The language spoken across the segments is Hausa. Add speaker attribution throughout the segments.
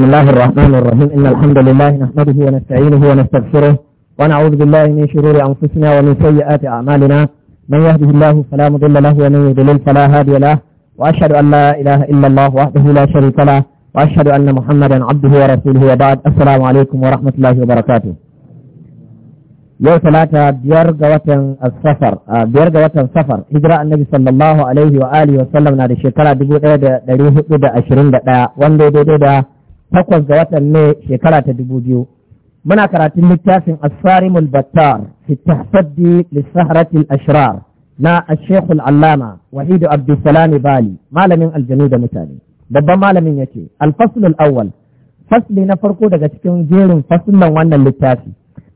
Speaker 1: بسم الله الرحمن الرحيم إن الحمد لله نحمده ونستعينه ونستغفره ونعوذ بالله من شرور أنفسنا ومن سيئات أعمالنا من يهده الله فلا مضل له ومن يضلل فلا هادي له وأشهد أن لا إله إلا الله وحده لا شريك له وأشهد أن محمدا عبده ورسوله وبعد السلام عليكم ورحمة الله وبركاته يوم ثلاثة بيار جواتن السفر بيار جواتن سفر هجرة النبي صلى الله عليه وآله وسلم نادي شكرا دبو دا دا دا دا دا دا دا دا takwas ga watan ne shekara ta dubu biyu muna karatun littafin asarimul battar fi tahsaddi lisahratil ashrar na ashekul allama wahidu abdulsalami bali malamin aljanu da mutane babban malamin yace alfaslul awwal fasli na farko daga cikin jerin fasulan wannan littafi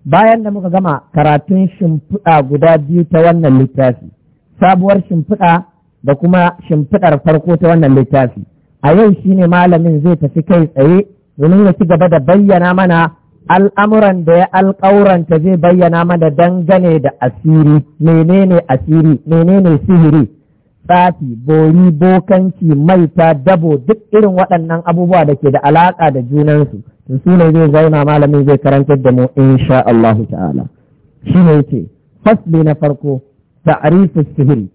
Speaker 1: bayan da muka gama karatun shimfiɗa guda biyu ta wannan littafi sabuwar shimfiɗa da kuma shimfiɗar farko ta wannan littafi a yau shi ne malamin zai tafi kai tsaye domin ya ci gaba da bayyana mana al'amuran da ya alƙauranta zai bayyana mana dangane da asiri menene asiri menene sihiri tsafi bori bokanci maita dabo duk irin waɗannan abubuwa da ke da alaƙa da junansu sun su ne zai zauna malamin zai karantar da mu insha Allah ta'ala shi ne yake fasli na farko ta'rifu sihiri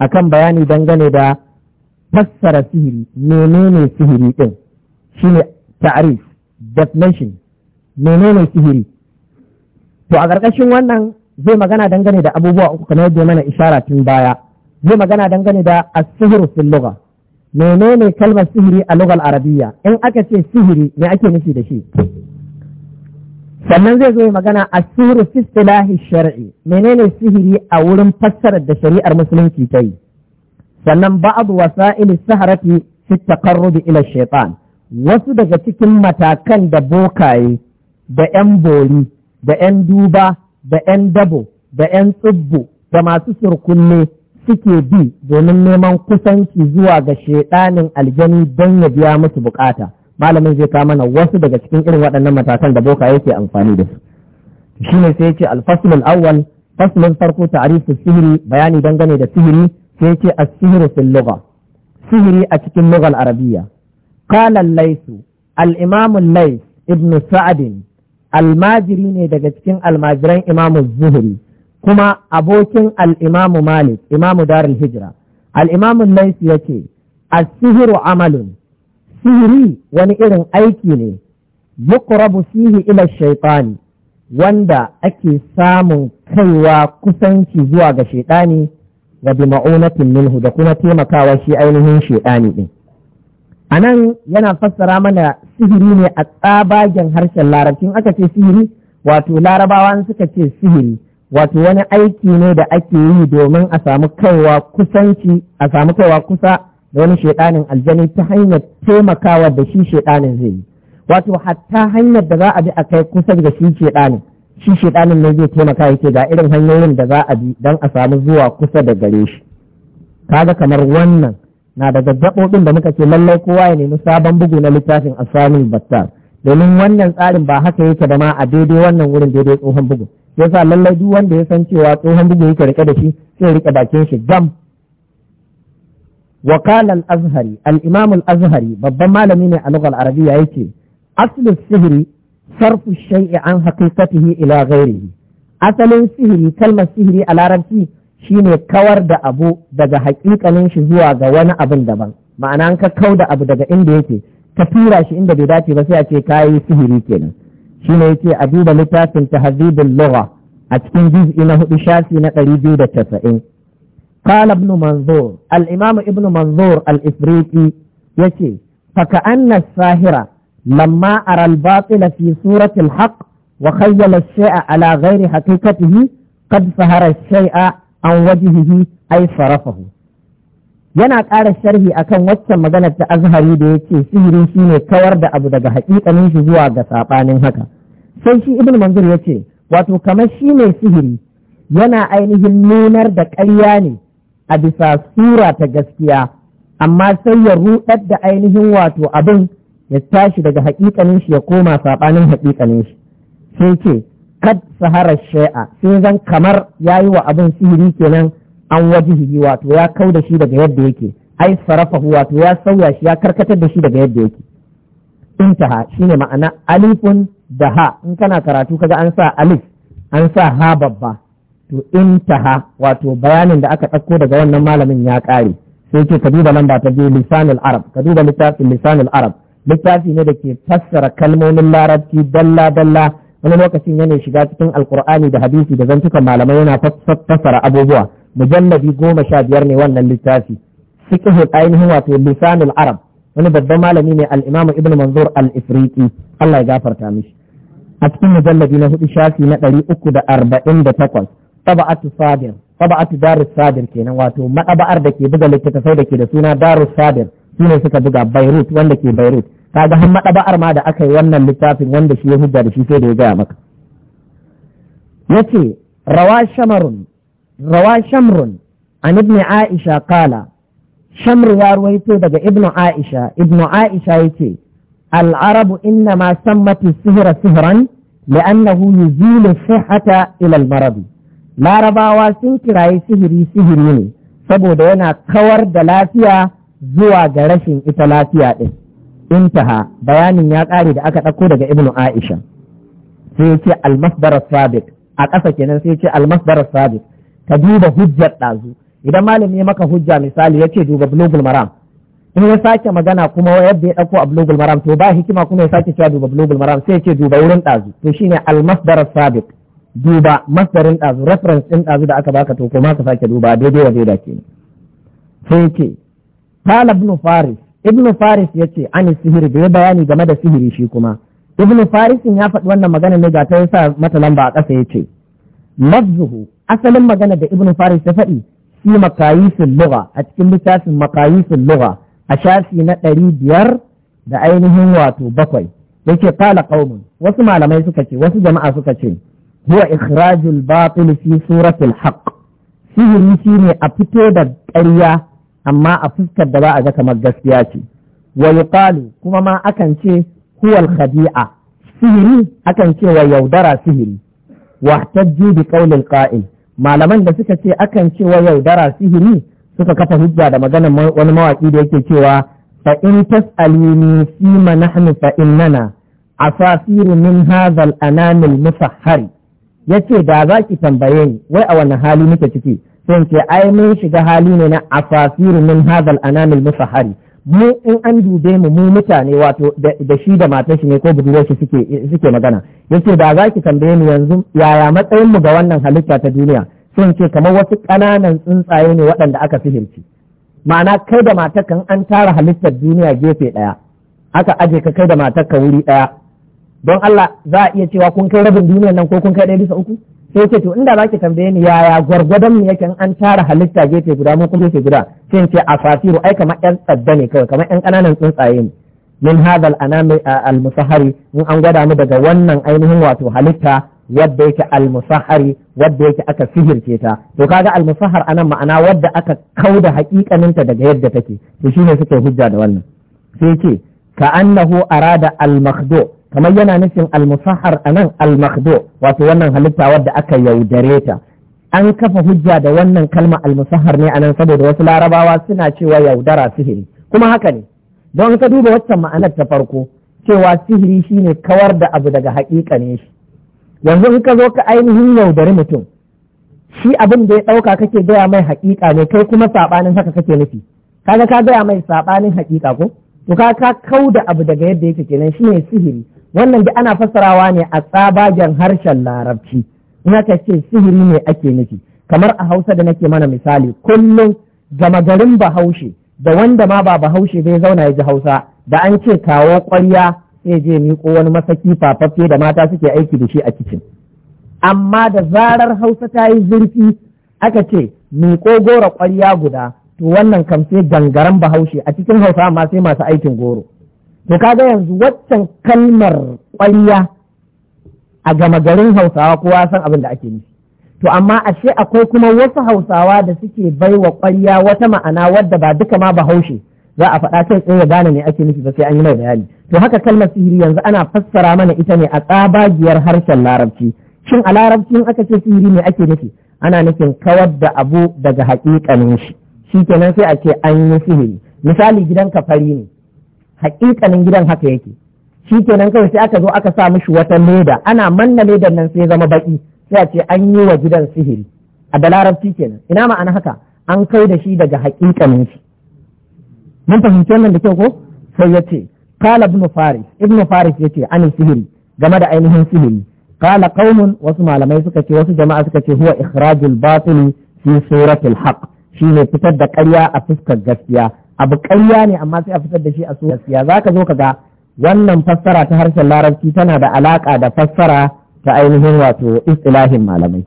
Speaker 1: akan bayani dangane da fassara sihiri menene sihiri din shine ta'rif definition menene sihiri to a ƙarƙashin wannan zai magana dangane da abubuwa uku kamar yadda mana ishara tun baya zai magana dangane da as-sihru fil lugha menene kalmar sihiri a lugal arabiya in aka ce sihiri me ake nufi da shi sannan zai zo magana a sihiru fi istilahi menene sihiri a wurin fassarar da shari'ar musulunci ta yi sannan ba'd wasa'il saharati fi taqarrub ila shaitan wasu daga cikin matakan da bokaye da 'yan bori da 'yan duba da 'yan dabo da 'yan tsibbu da masu surkulle suke bi domin neman kusanci zuwa ga shaidanin aljani don ya biya musu bukata malamin zai kama mana wasu daga cikin irin waɗannan matakan da boka yake amfani da su shine sai ce alfaslul awwal faslun farko ta'rifu sihiri bayani dangane da sihiri sai ce a sihru fil sihiri a cikin lughal arabiyya qala al-laysu al-imam al-lays ibn sa'd almajiri ne daga cikin almajiran imamu zuhri kuma abokin al-imam malik imamu darul hijra al-imam al-lays yace as-sihru amalun sihiri wani irin aiki ne yuqrabu fihi ila shaytani wanda ake samun kaiwa kusanci zuwa ga shaitani wa bi ma'unatin minhu da kuma taimakawa shi ainihin shedani din anan yana fassara mana sihiri ne a tsabagen harshen larabcin aka ce sihiri wato larabawa suka ce sihiri wato wani aiki ne da ake yi domin a samu kaiwa kusanci a samu kaiwa kusa da wani shedanin aljani ta hanyar taimakawa da shi shedanin zai yi wato hatta hanyar da za a bi a kai kusa da shi shedanin shi shedanin ne zai taimaka yake ga irin hanyoyin da za a bi don a samu zuwa kusa da gare shi kaga kamar wannan na daga gaɓoɓin da muka ce lallai kowa ya nemi sabon bugu na littafin asamin battar domin wannan tsarin ba haka yake da ma a daidai wannan wurin daidai tsohon bugu sa lallai duk wanda ya san cewa tsohon bugu yake rike da shi sai rike bakin shi gam وقال الأزهري الإمام الأزهري بابا مالمين اللغة العربية يتي أصل السهر sarfu shay'i an haqiqatihi ila ghairihi asalin sihiri kalmar sihiri a larabci shine kawar da abu daga haƙiƙanin shi zuwa ga wani abin daban ma'ana an ka kau da abu daga inda yake ka tura shi inda bai dace ba sai a ce kayi sihiri kenan shine yake a duba littafin tahdhibul lugha a cikin juz'i na hudu shafi na ɗari biyu da casa'in. Kala ibn Manzur, al'imamu ibn Manzur al'ifriki ya ce, Faka annas sahira lamma aral batila fi suratil haqq wa khayyala shay'a ala ghairi haqiqatihi qad sahara shay'a an wajhihi ay sarafahu yana ƙara sharhi akan waccan maganar ta azhari da yace sihiri shine kawar da abu daga haƙiƙanin shi zuwa ga saɓanin haka sai shi ibnu manzur yace wato kamar shi ne sihiri yana ainihin nunar da ƙarya ne a bisa sura ta gaskiya amma sai ya ruɗar da ainihin wato abin ya tashi daga haƙiƙanin shi ya koma saɓanin haƙiƙanin shi sai ce kad sahara shai'a sai zan kamar ya yi wa abin sihiri kenan an wajihi wato ya kau da shi daga yadda yake ai sarafahu wato ya sauya shi ya karkatar da shi daga yadda yake intaha shine ma'ana alifun da ha in kana karatu kaga an sa alif an sa ha babba to intaha wato bayanin da aka ɗauko daga wannan malamin ya ƙare sai ce ka duba lamba ta biyu lisanul arab ka duba littafin lisanul arab littafi ne da ke fassara kalmomin larabci dalla dalla wani lokacin yana shiga cikin alkur'ani da hadisi da zantukan malamai yana fassara abubuwa mujalladi goma sha biyar ne wannan littafi fiqhu ainihin wato lisanul arab wani babban malami ne al-imamu ibnu manzur al-ifriqi Allah ya gafarta mishi a cikin mujalladi na hudu shafi na ɗari uku da arba'in da takwas taba'atu sadir taba'atu darus sadir kenan wato maɗaba'ar da ke buga littattafai da ke da suna darus sadir su ne suka buga Beirut wanda ke Beirut kaga har madaba'ar ma da aka yi wannan littafin wanda shi ya hujja da shi sai da ya gaya maka ce, rawa shamarun rawa shamrun an ibn aisha kala shamru ya ruwaito daga ibn aisha ibn aisha yace العرب إنما سمت sihira sihiran لأنه يزيل الصحة إلى المرض لا ربا واسن كراي سهري sihiri ne saboda yana kawar da lafiya zuwa ga rashin ita lafiya ɗin. intaha bayanin ya ƙare da aka ɗauko daga ibnu aisha sai ce almasdar sabiq a ƙasa kenan sai ce almasdar sabiq ka duba hujjar ɗazu idan malami ya maka hujja misali ya ce duba bulugul maram in ya sake magana kuma yadda ya ɗauko a bulugul maram to ba hikima kuma ya sake cewa duba bulugul maram sai ce duba wurin ɗazu to shine almasdar sabiq duba masdarin ɗazu reference ɗin ɗazu da aka baka to kuma ka sake duba daidai wa daida kenan sai ce qala faris ibn faris ya ce ani sihiri da ya bayani game da sihiri shi kuma ibn Farisin ya faɗi wannan magana ne ga ta sa mata lamba a ƙasa ya ce lafzuhu asalin magana da ibn faris ya faɗi fi makayisin lugha a cikin littafin makayisin lugha a shafi na ɗari biyar da ainihin wato bakwai ce kala ƙaumin wasu malamai suka ce wasu jama'a suka ce huwa ikhrajul batil fi suratil haqq sihiri shine a fito da ƙarya amma a fuskar da ba a ga kamar gaskiya ce wa yuqalu kuma ma akan ce huwal khadi'a sihiri akan ce wa yaudara sihiri wa tajju bi qawlil qa'il malaman da suka ce akan ce wa yaudara sihiri suka kafa hujja da maganar wani mawaki da yake cewa fa in tas'alini fi ma nahnu fa innana asasiru min hadha al-anamil musahhari yace da zaki tambaye ni wai a wani hali muke ciki sun ce ai mun shiga hali ne na asasiru min hazal anamil musahari mu in an dube mu mu mutane wato da shi da matar shi ne ko budurwar shi suke magana yace da za ki tambaye mu yanzu yaya matsayin mu ga wannan halitta ta duniya sun ce kamar wasu kananan tsuntsaye ne waɗanda aka sihirci ma'ana kai da kan an tara halittar duniya gefe ɗaya aka aje ka kai da matarka wuri ɗaya don Allah za a iya cewa kun kai rabin duniyar nan ko kun kai ɗaya bisa uku sai ce to inda zaki tambaye ni yaya gwargwadon mu yake an tara halitta gefe guda mu kuma gefe guda sai ce a fasiru ai kamar yan tsadda ne kawai kamar yan kananan tsuntsaye ne min hadal anami al musahari in an gwada mu daga wannan ainihin wato halitta wadda yake al musahari wadda yake aka sihirce ta to kaga al musahar anan ma'ana wadda aka kauda hakikaninta daga yadda take to shine suke hujja da wannan sai ce ka annahu arada al makhdu' kamar yana nufin almusahar a nan almakdo wato wannan halitta wadda aka yaudare ta an kafa hujja da wannan kalma almusahar ne anan saboda wasu larabawa suna cewa yaudara sihiri kuma haka ne don ka duba waccan ma'anar ta farko cewa sihiri shine kawar da abu daga haƙiƙa ne shi yanzu in ka zo ka ainihin yaudari mutum shi abin da ya ɗauka kake gaya mai haƙiƙa ne kai kuma saɓanin haka kake nufi kaga ka gaya mai saɓanin haƙiƙa ko to ka ka kau da abu daga yadda yake kenan shi ne sihiri wannan da ana fassarawa ne a tsabagen harshen larabci in aka ce sihiri ne ake nufi kamar a hausa da nake mana misali kullum gama garin bahaushe da wanda ma ba bahaushe bai zauna ya ji hausa da an ce kawo ƙwarya sai je miko wani masaki fafaffe da mata suke aiki da shi a kicin amma da zarar hausa ta yi zurfi aka ce miƙo goro kwarya guda to wannan kam sai gangaren bahaushe a cikin hausa ma sai masu aikin goro to kaga yanzu waccan kalmar ƙwarya a gama garin hausawa kowa san abin da ake nufi to amma ashe akwai kuma wasu hausawa da suke baiwa ƙwarya wata ma'ana wadda ba duka ma bahaushe za a faɗa kai tsaye gane ne ake nufi ba sai an yi mai bayani to haka kalmar sihiri yanzu ana fassara mana ita ne a tsabagiyar harshen larabci shin a larabci in aka ce sihiri ne ake nufi ana nufin kawar da abu daga haƙiƙanin shi shi kenan sai a ce an yi sihiri misali gidanka fari ne hakikanin gidan haka yake shi kenan kawai sai aka zo aka sa mishi wata leda ana manna ledan nan sai zama baki sai a ce an yi wa gidan sihiri a da larabci kenan ina ma'ana haka an kai da shi daga hakikanin shi mun fahimci wannan da kyau ko sai ya ce qala ibn faris ibn faris yace an sihiri game da ainihin sihiri qala qaumun wasu malamai suka ce wasu jama'a suka ce huwa ikhrajul batili fi suratil haqq shine fitar da ƙarya a fuskar gaskiya abu ƙarya ne amma sai a fitar da shi a sunan siya za ka zo ka ga wannan fassara ta harshen larabci tana da alaƙa da fassara ta ainihin wato istilahin malamai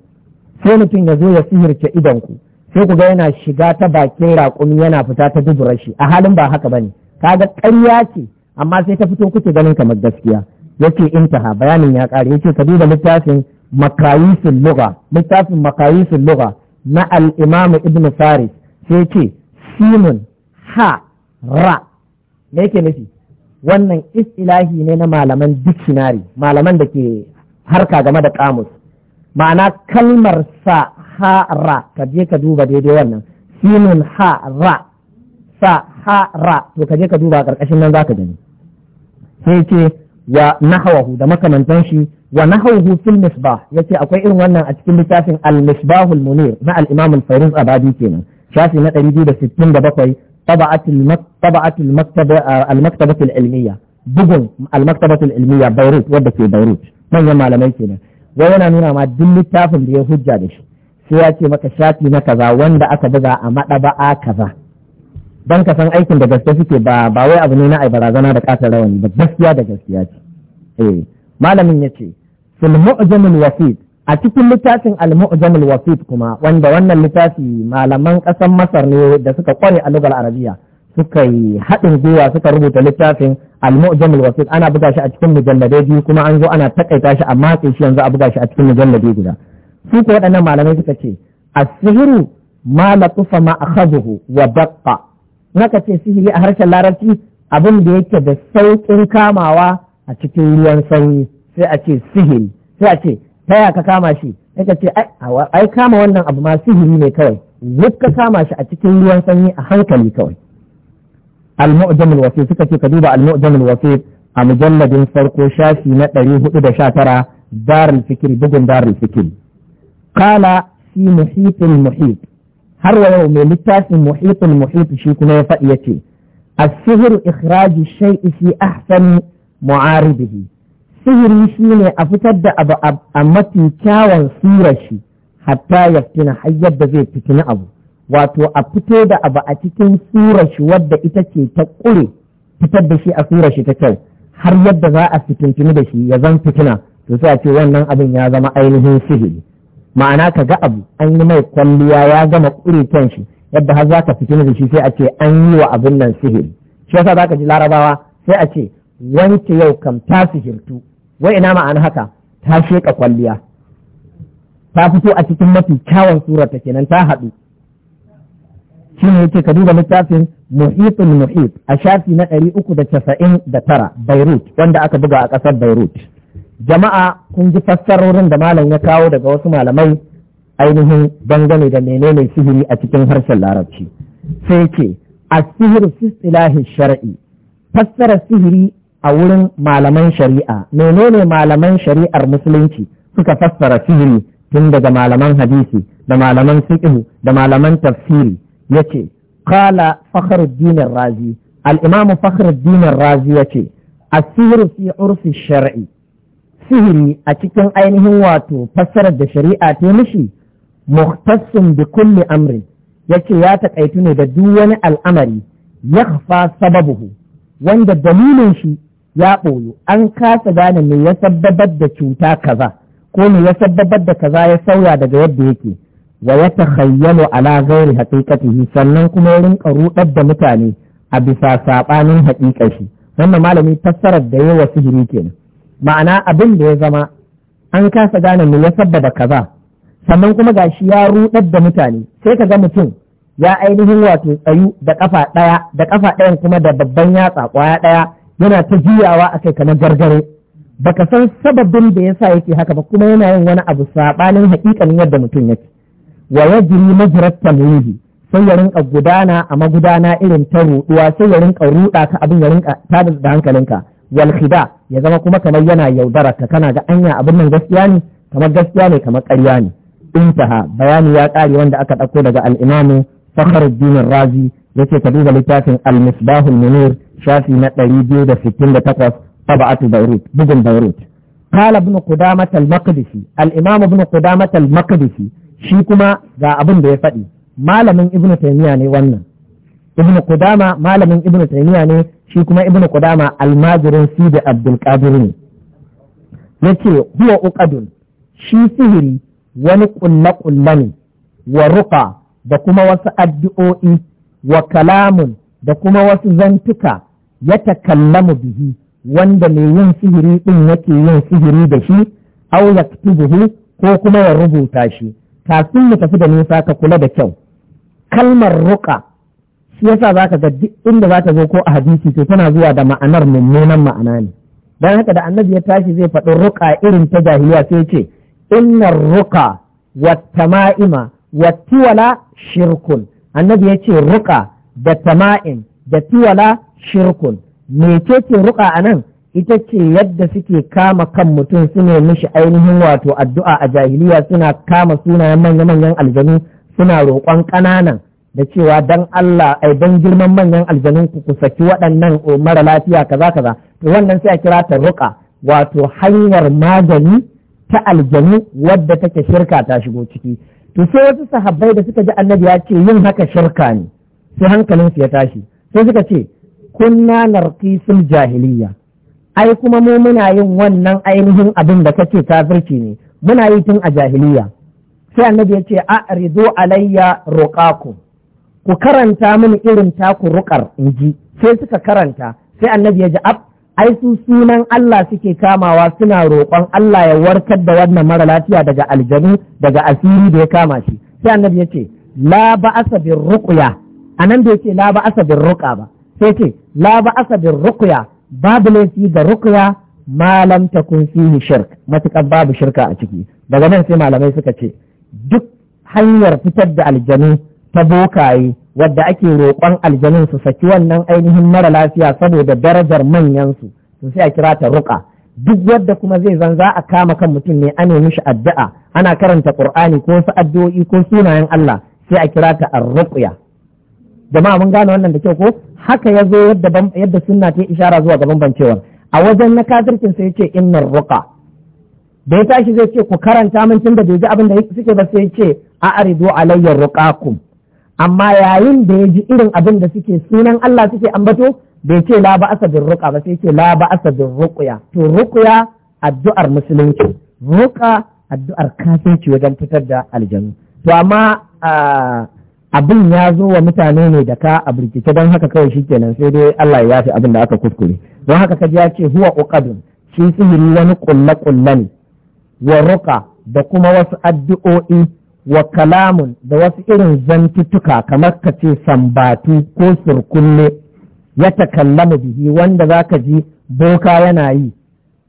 Speaker 1: sai mutum ya zo ya sihirce idon ku sai ku ga yana shiga ta bakin raƙumi yana fita ta dubu shi a halin ba haka bane kaga ƙarya ce amma sai ta fito kuke ganin kamar gaskiya yace intaha bayanin ya ƙare yace ka duba littafin makayisul lugha littafin makayisul lugha na al-imam ibn faris sai ce simon ha ra me yake nufi wannan istilahi ne na malaman dictionary malaman da ke harka game da kamus ma'ana kalmar sa ha ra ka je ka duba daidai wannan sinin ha ra sa ha ra to ka je ka duba karkashin ƙarƙashin nan zaka gani sai ce wa nahawahu da makamantan shi wa nahawahu fil misbah yace akwai irin wannan a cikin littafin al misbahul munir na al imam al fayriz abadi kenan shafi na 267 tabatul maktabatul ilmiya bugun almaktabatul ilmiya Beirut wadda ke Beirut manyan malamai kenan wai yana nuna ma duk littafin da ya hujja da shi sai ya ce maka shafi na kaza wanda aka buga a maɗaba'a kaza Ban ka san aikin da gaske suke ba ba wai abu ne na barazana da ƙasar rawani ba gaskiya da gaskiya ce eh malamin ya ce fil mu'jamul wasid a cikin littafin al-mu'jamul wasit kuma wanda wannan littafi malaman ƙasar masar ne da suka kware a lugar arabiya suka yi haɗin gwiwa suka rubuta littafin al-mu'jamul wasit ana buga shi a cikin mujalladai biyu kuma an zo ana takaita shi a matse shi yanzu a buga shi a cikin mujalladai guda su ko waɗannan malamai suka ce as-sihru ma latufa ma akhadhu wa baqqa naka ce sihiri a harshen larabci abin da yake da sauƙin kamawa a cikin ruwan sanyi sai a ce sihiri sai a ce ta ya ka kama shi ka ce ai kama wannan abu ma sihiri ne kawai duk ka kama shi a cikin ruwan sanyi a hankali kawai al-mu'jamul wasif suka ce ka duba al-mu'jamul wasif a mujalladin farko shafi na ɗari hudu da sha tara darul fikir bugun darul fikir kala fi muhitin muhit har wa yau mai littafin muhitin muhit shi kuma ya faɗi yace ce السحر إخراج الشيء في أحسن sihiri shi ne a fitar da abu a mafi kyawun surar shi hatta ya fitina har yadda zai fitina abu wato a fito da abu a cikin surar shi wadda ita ce ta ƙure fitar da shi a surar shi ta kyau har yadda za a fitintini da shi ya zan fitina to sai a ce wannan abin ya zama ainihin sihiri ma'ana ka ga abu an yi mai kwalliya ya gama ƙure kyan shi yadda har za ka fitina da shi sai a ce an yi wa abin nan sihiri shi yasa za ka ji larabawa sai a ce wanke yau kam ta sihirtu wai ina ma'ana haka ta sheƙa kwalliya ta fito a cikin mafi kyawun surar ta kenan ta haɗu shi ne yake ka duba littafin muhitin muhit a shafi na ɗari uku da casa'in da tara beirut wanda aka buga a ƙasar beirut jama'a kun ji fassarorin da malam ya kawo daga wasu malamai ainihin dangane da menene sihiri a cikin harshen larabci sai ke a sihiri fi shar'i fassarar sihiri a wurin malaman shari'a menene malaman shari'ar musulunci suka fassara sihiri tun daga malaman hadisi da malaman fiqh da malaman tafsiri yace qala fakhruddin razi al-imam fakhruddin razi yace as fi urfi shar'i sihiri a cikin ainihin wato fassarar da shari'a ta mishi muhtassun bi kulli amrin yace ya taƙaitu ne da duk wani al'amari ya sababuhu wanda dalilin shi ya ɓoyo an kasa gane me ya sabbabar da cuta kaza ko me ya sabbabar da kaza ya sauya daga yadda yake wa ya takhayyalu ala ghairi haqiqatihi sannan kuma ya rinka rudar da mutane a bisa sabanin haƙiƙashi wannan malami fassarar da yawa sihiri kenan ma'ana abin da ya zama an kasa gane me ya sabbaba kaza sannan kuma gashi ya rudar da mutane sai ka ga mutum ya ainihin wato tsayu da ƙafa ɗaya da kafa ɗayan kuma da babban yatsa kwaya ɗaya yana ta juyawa a kai kamar gargaro baka san sababin da yasa yake haka ba kuma yana yin wani abu saɓanin haƙiƙanin yadda mutum yake wa yajri majrat tamwihi sai ya rinka gudana a magudana irin ta ruɗuwa sai ya rinka ruɗa ka abin ya rinka tada da hankalinka wal khida ya zama kuma kamar yana yaudara ka kana ga anya abin nan gaskiya ne kamar gaskiya ne kamar ƙarya ne intaha bayani ya ƙare wanda aka ɗauko daga al-imamu fakhruddin razi yake ka duba littafin al-misbahul munir shafi na ɗari biyu da sittin da takwas tabatu Beirut bugun Beirut قال ابن قدامة المقدسي الإمام ابن قدامة المقدسي shi kuma ga abin da ya faɗi malamin ibnu taymiya ne wannan ibnu qudama malamin ibnu taymiya ne shi kuma ibnu Kudama, almajirin sidi abdul qadir ne yace huwa uqadun shi sihiri wani ƙulle ƙulle ne wa da kuma wasu addu'o'i wakalamun da kuma wasu zantuka ya takallamu bihi wanda mai yin sihiri ɗin yake yin sihiri da shi au yaktubuhu ko kuma ya rubuta shi kafin mu tafi da nisa ka kula da kyau kalmar ruka shi yasa zaka ga duk inda zaka zo ko a hadisi to tana zuwa da ma'anar mummunan ma'ana ne dan haka da annabi ya tashi zai faɗi Ruƙa irin ta jahiliya sai ce innar ruka wattama'ima wattiwala shirkun annabi ya ce ruka da tama'im da tiwala shirkun ce ruka a nan ita ce yadda suke kama kan mutum su ne mishi ainihin wato addu'a a jahiliya suna kama sunayen manya-manyan aljanu suna roƙon ƙananan da cewa dan Allah ai dan girman manyan aljanun ku ku saki waɗannan mara lafiya kaza kaza to wannan sai a kira ta ruka wato hanyar magani ta aljanu wadda take shirka ta shigo ciki to sai wasu sahabbai da suka ji annabi ya ce yin haka shirka ne sai hankalinsu ya tashi sai suka ce kunna narkisul jahiliya ai kuma mu muna yin wannan ainihin abin da kace kafirci ne muna yi tun a jahiliya sai annabi ya ce a rizo alayya ruqaku ku karanta mini irin taku ruƙar in ji sai suka karanta sai annabi ya ji ai su sunan Allah suke kamawa suna roƙon Allah ya warkar da wannan mara lafiya daga aljanu daga asiri da ya kama shi sai annabi ya ce la ba'asa bir ruqya anan da yake la ba'asa bir ruqa ba sai ce la ba asa bin ruqya babu laifi da ruqya malam takun fihi shirk matukar babu shirka a ciki daga nan sai malamai suka ce duk hanyar fitar da aljanu ta bokaye wadda ake roƙon aljanun su saki wannan ainihin mara lafiya saboda darajar manyansu su sai a kira ta ruka duk wadda kuma zai zan za a kama kan mutum ne a nemi shi addu'a ana karanta qur'ani ko su addu'o'i ko sunayen Allah sai a kira ta ar-ruqya jama'a mun gane wannan da kyau ko haka ya zo yadda sunna ta ishara zuwa ga bambancewar a wajen na kafircin sai ce innar ruka da ya tashi zai ce ku karanta min da bai ji abin da suke ba sai yace a aridu ruka ruqakum amma yayin da ya ji irin abin da suke sunan Allah suke ambato bai ce la ba asabir ruqa ba sai ce la ba asabir ruqya to ruqya addu'ar musulunci ruqa addu'ar kafirci wajen fitar da aljanu to amma ah, abin ya zo wa mutane ne da ka a birkice don haka kawai shikenan sai dai Allah ya yafi abin da aka kuskure don haka kaji ya ce huwa uqadun shi sihiri wani kulle kulle ne wa da kuma wasu addu'o'i wa kalamun da wasu irin zantuttuka kamar ka ce sambatu ko surkulle ya mu bihi wanda za ka ji boka yana yi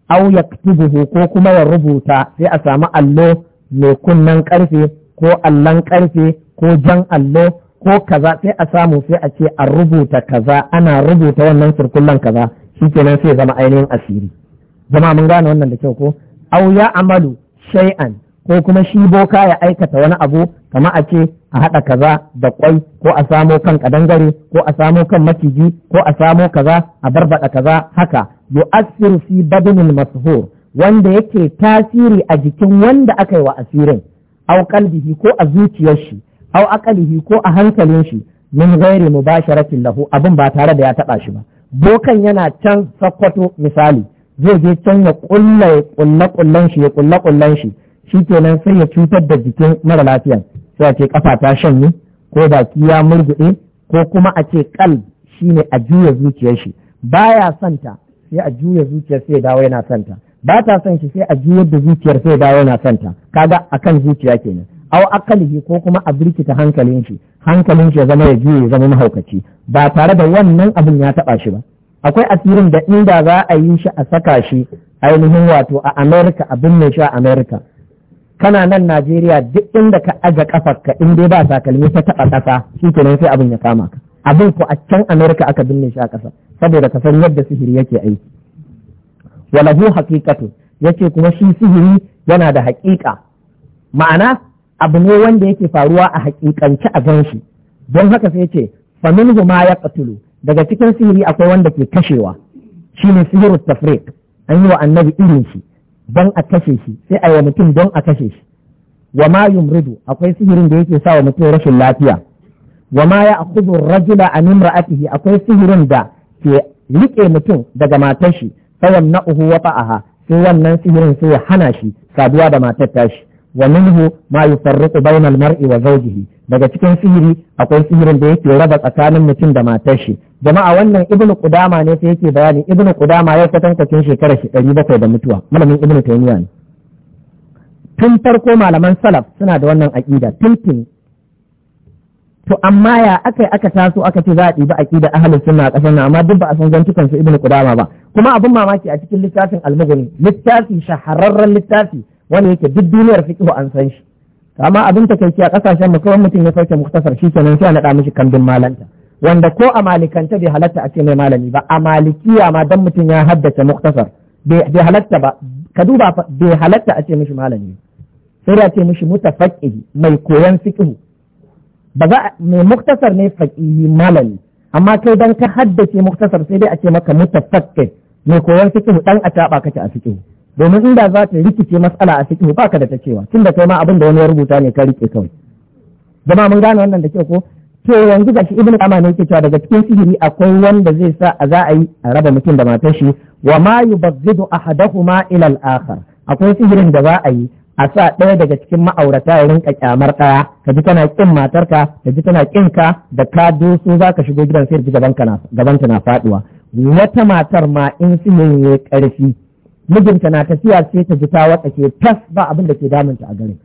Speaker 1: au yaktubuhu ko kuma ya rubuta sai a samu allo mai kunnen karfe ko allon karfe ko jan allo ko kaza sai a samu sai a ce a rubuta kaza ana rubuta wannan sirkullan kaza shi shikenan sai zama ainihin asiri zama mun gane wannan da kyau ko au ya amalu shay'an ko kuma shi boka ya aikata wani abu kama a ce a haɗa kaza da kwai ko a samo kan kadangare ko a samo kan maciji ko a samo kaza a barbaɗa kaza haka yu'assiru fi badnil mashur wanda yake tasiri a jikin wanda aka yi wa asirin au qalbihi ko a zuciyar shi au aqalihi ko a hankalin shi min ghairi mubasharatin lahu abin ba tare da ya taɓa shi ba bokan yana can sakkwato misali zai je can ya kulla kulla kullan shi ya kulla kullan shi kenan sai ya cutar da jikin mara lafiya sai a ce kafa ta shanye ko baki ya murguɗe ko kuma a ce shi ne a juya zuciyar shi baya santa sai a juya zuciyar sai ya dawo yana santa ba ta son shi sai a ji da zuciyar sai dawo na kanta kaga akan zuciya kenan au akalihi ko kuma a birkita hankalin shi hankalin shi ya zama ya juye ya zama mahaukaci ba tare da wannan abin ya taba shi ba akwai asirin da inda za a yi shi a saka shi ainihin wato a Amerika abin mai sha america kana nan Najeriya duk inda ka aga ka in dai ba takalmi ta taba kasa shikenan sai abin ya kama ka abin ko a can america aka binne shi a kasa saboda ka san yadda sihiri yake aiki walahu ya ce kuma shi sihiri yana da haƙiƙa ma'ana abu ne wanda yake faruwa a haƙiƙance a ganshi don haka sai ce faminhu ma ƙatulu daga cikin sihiri akwai wanda ke kashewa Shi ne sihiru tafrik. an yi wa annabi irin shi don a kashe shi sai a yi wa mutum don a kashe shi wa ma yumridu akwai sihirin da yake sa wa mutum rashin lafiya wa ma ya akhudhu rajula an imra'atihi akwai sihirin da ke rike mutum daga matar shi fayamna'uhu wa fa'aha sai wannan sihirin sai ya hana shi saduwa da matar tashi wa minhu ma yufarriqu bayna al-mar'i wa zawjihi daga cikin sihiri akwai sihirin da yake raba tsakanin mutum da matar shi jama'a wannan ibnu qudama ne sai yake bayani ibnu qudama ya kwatankwacin shekarar shi ɗari da mutuwa malamin ibnu taymiya ne tun farko malaman salaf suna da wannan aqida tuntun to amma ya aka aka taso aka ce za a ɗibi aqida ahlus sunna a ƙasar nan amma duk ba a san zantukan su ibnu qudama ba kuma abin mamaki a cikin littafin almuguni littafi shahararren littafi wani yake duk duniyar fiqh an san shi amma abin takeici a kasashen mu kawai mutum ya sauke muktasar shi kenan sai a naɗa mishi kambin malanta wanda ko a malikanta bai halatta a ce mai malami ba a malikiya ma dan mutum ya haddace muktasar bai halatta ba ka duba bai halatta a ce mishi malami sai da ce mishi mutafaqqihi mai koyan fiqh ba za mai muktasar ne faqihi malami amma kai dan ka haddace muktasar sai dai a ce maka mutafaqqih mai koyon fikihu ɗan a taba kake a fikihu domin inda za ta rikice matsala a ba baka da ta cewa tunda kai ma abin da wani ya rubuta ne ka rike kawai jama'a mun gane wannan da ke ko to yanzu gashi ibnu kama ne yake cewa daga cikin sihiri akwai wanda zai sa a za a yi a raba mutum da matar shi wa ma yubazzidu ahaduhuma ila al-akhar akwai sihirin da za a yi a sa ɗaya daga cikin ma'aurata ya rinka kyamar ɗaya ka ji tana kin matarka ka ji tana kin ka da ka doso za ka shigo gidan sai gaban ta na faduwa wata matar ma in sihirin ya ƙarfi mijinta na tafiya sai ta ji ta watsake tas ba abin da ke damunta a garin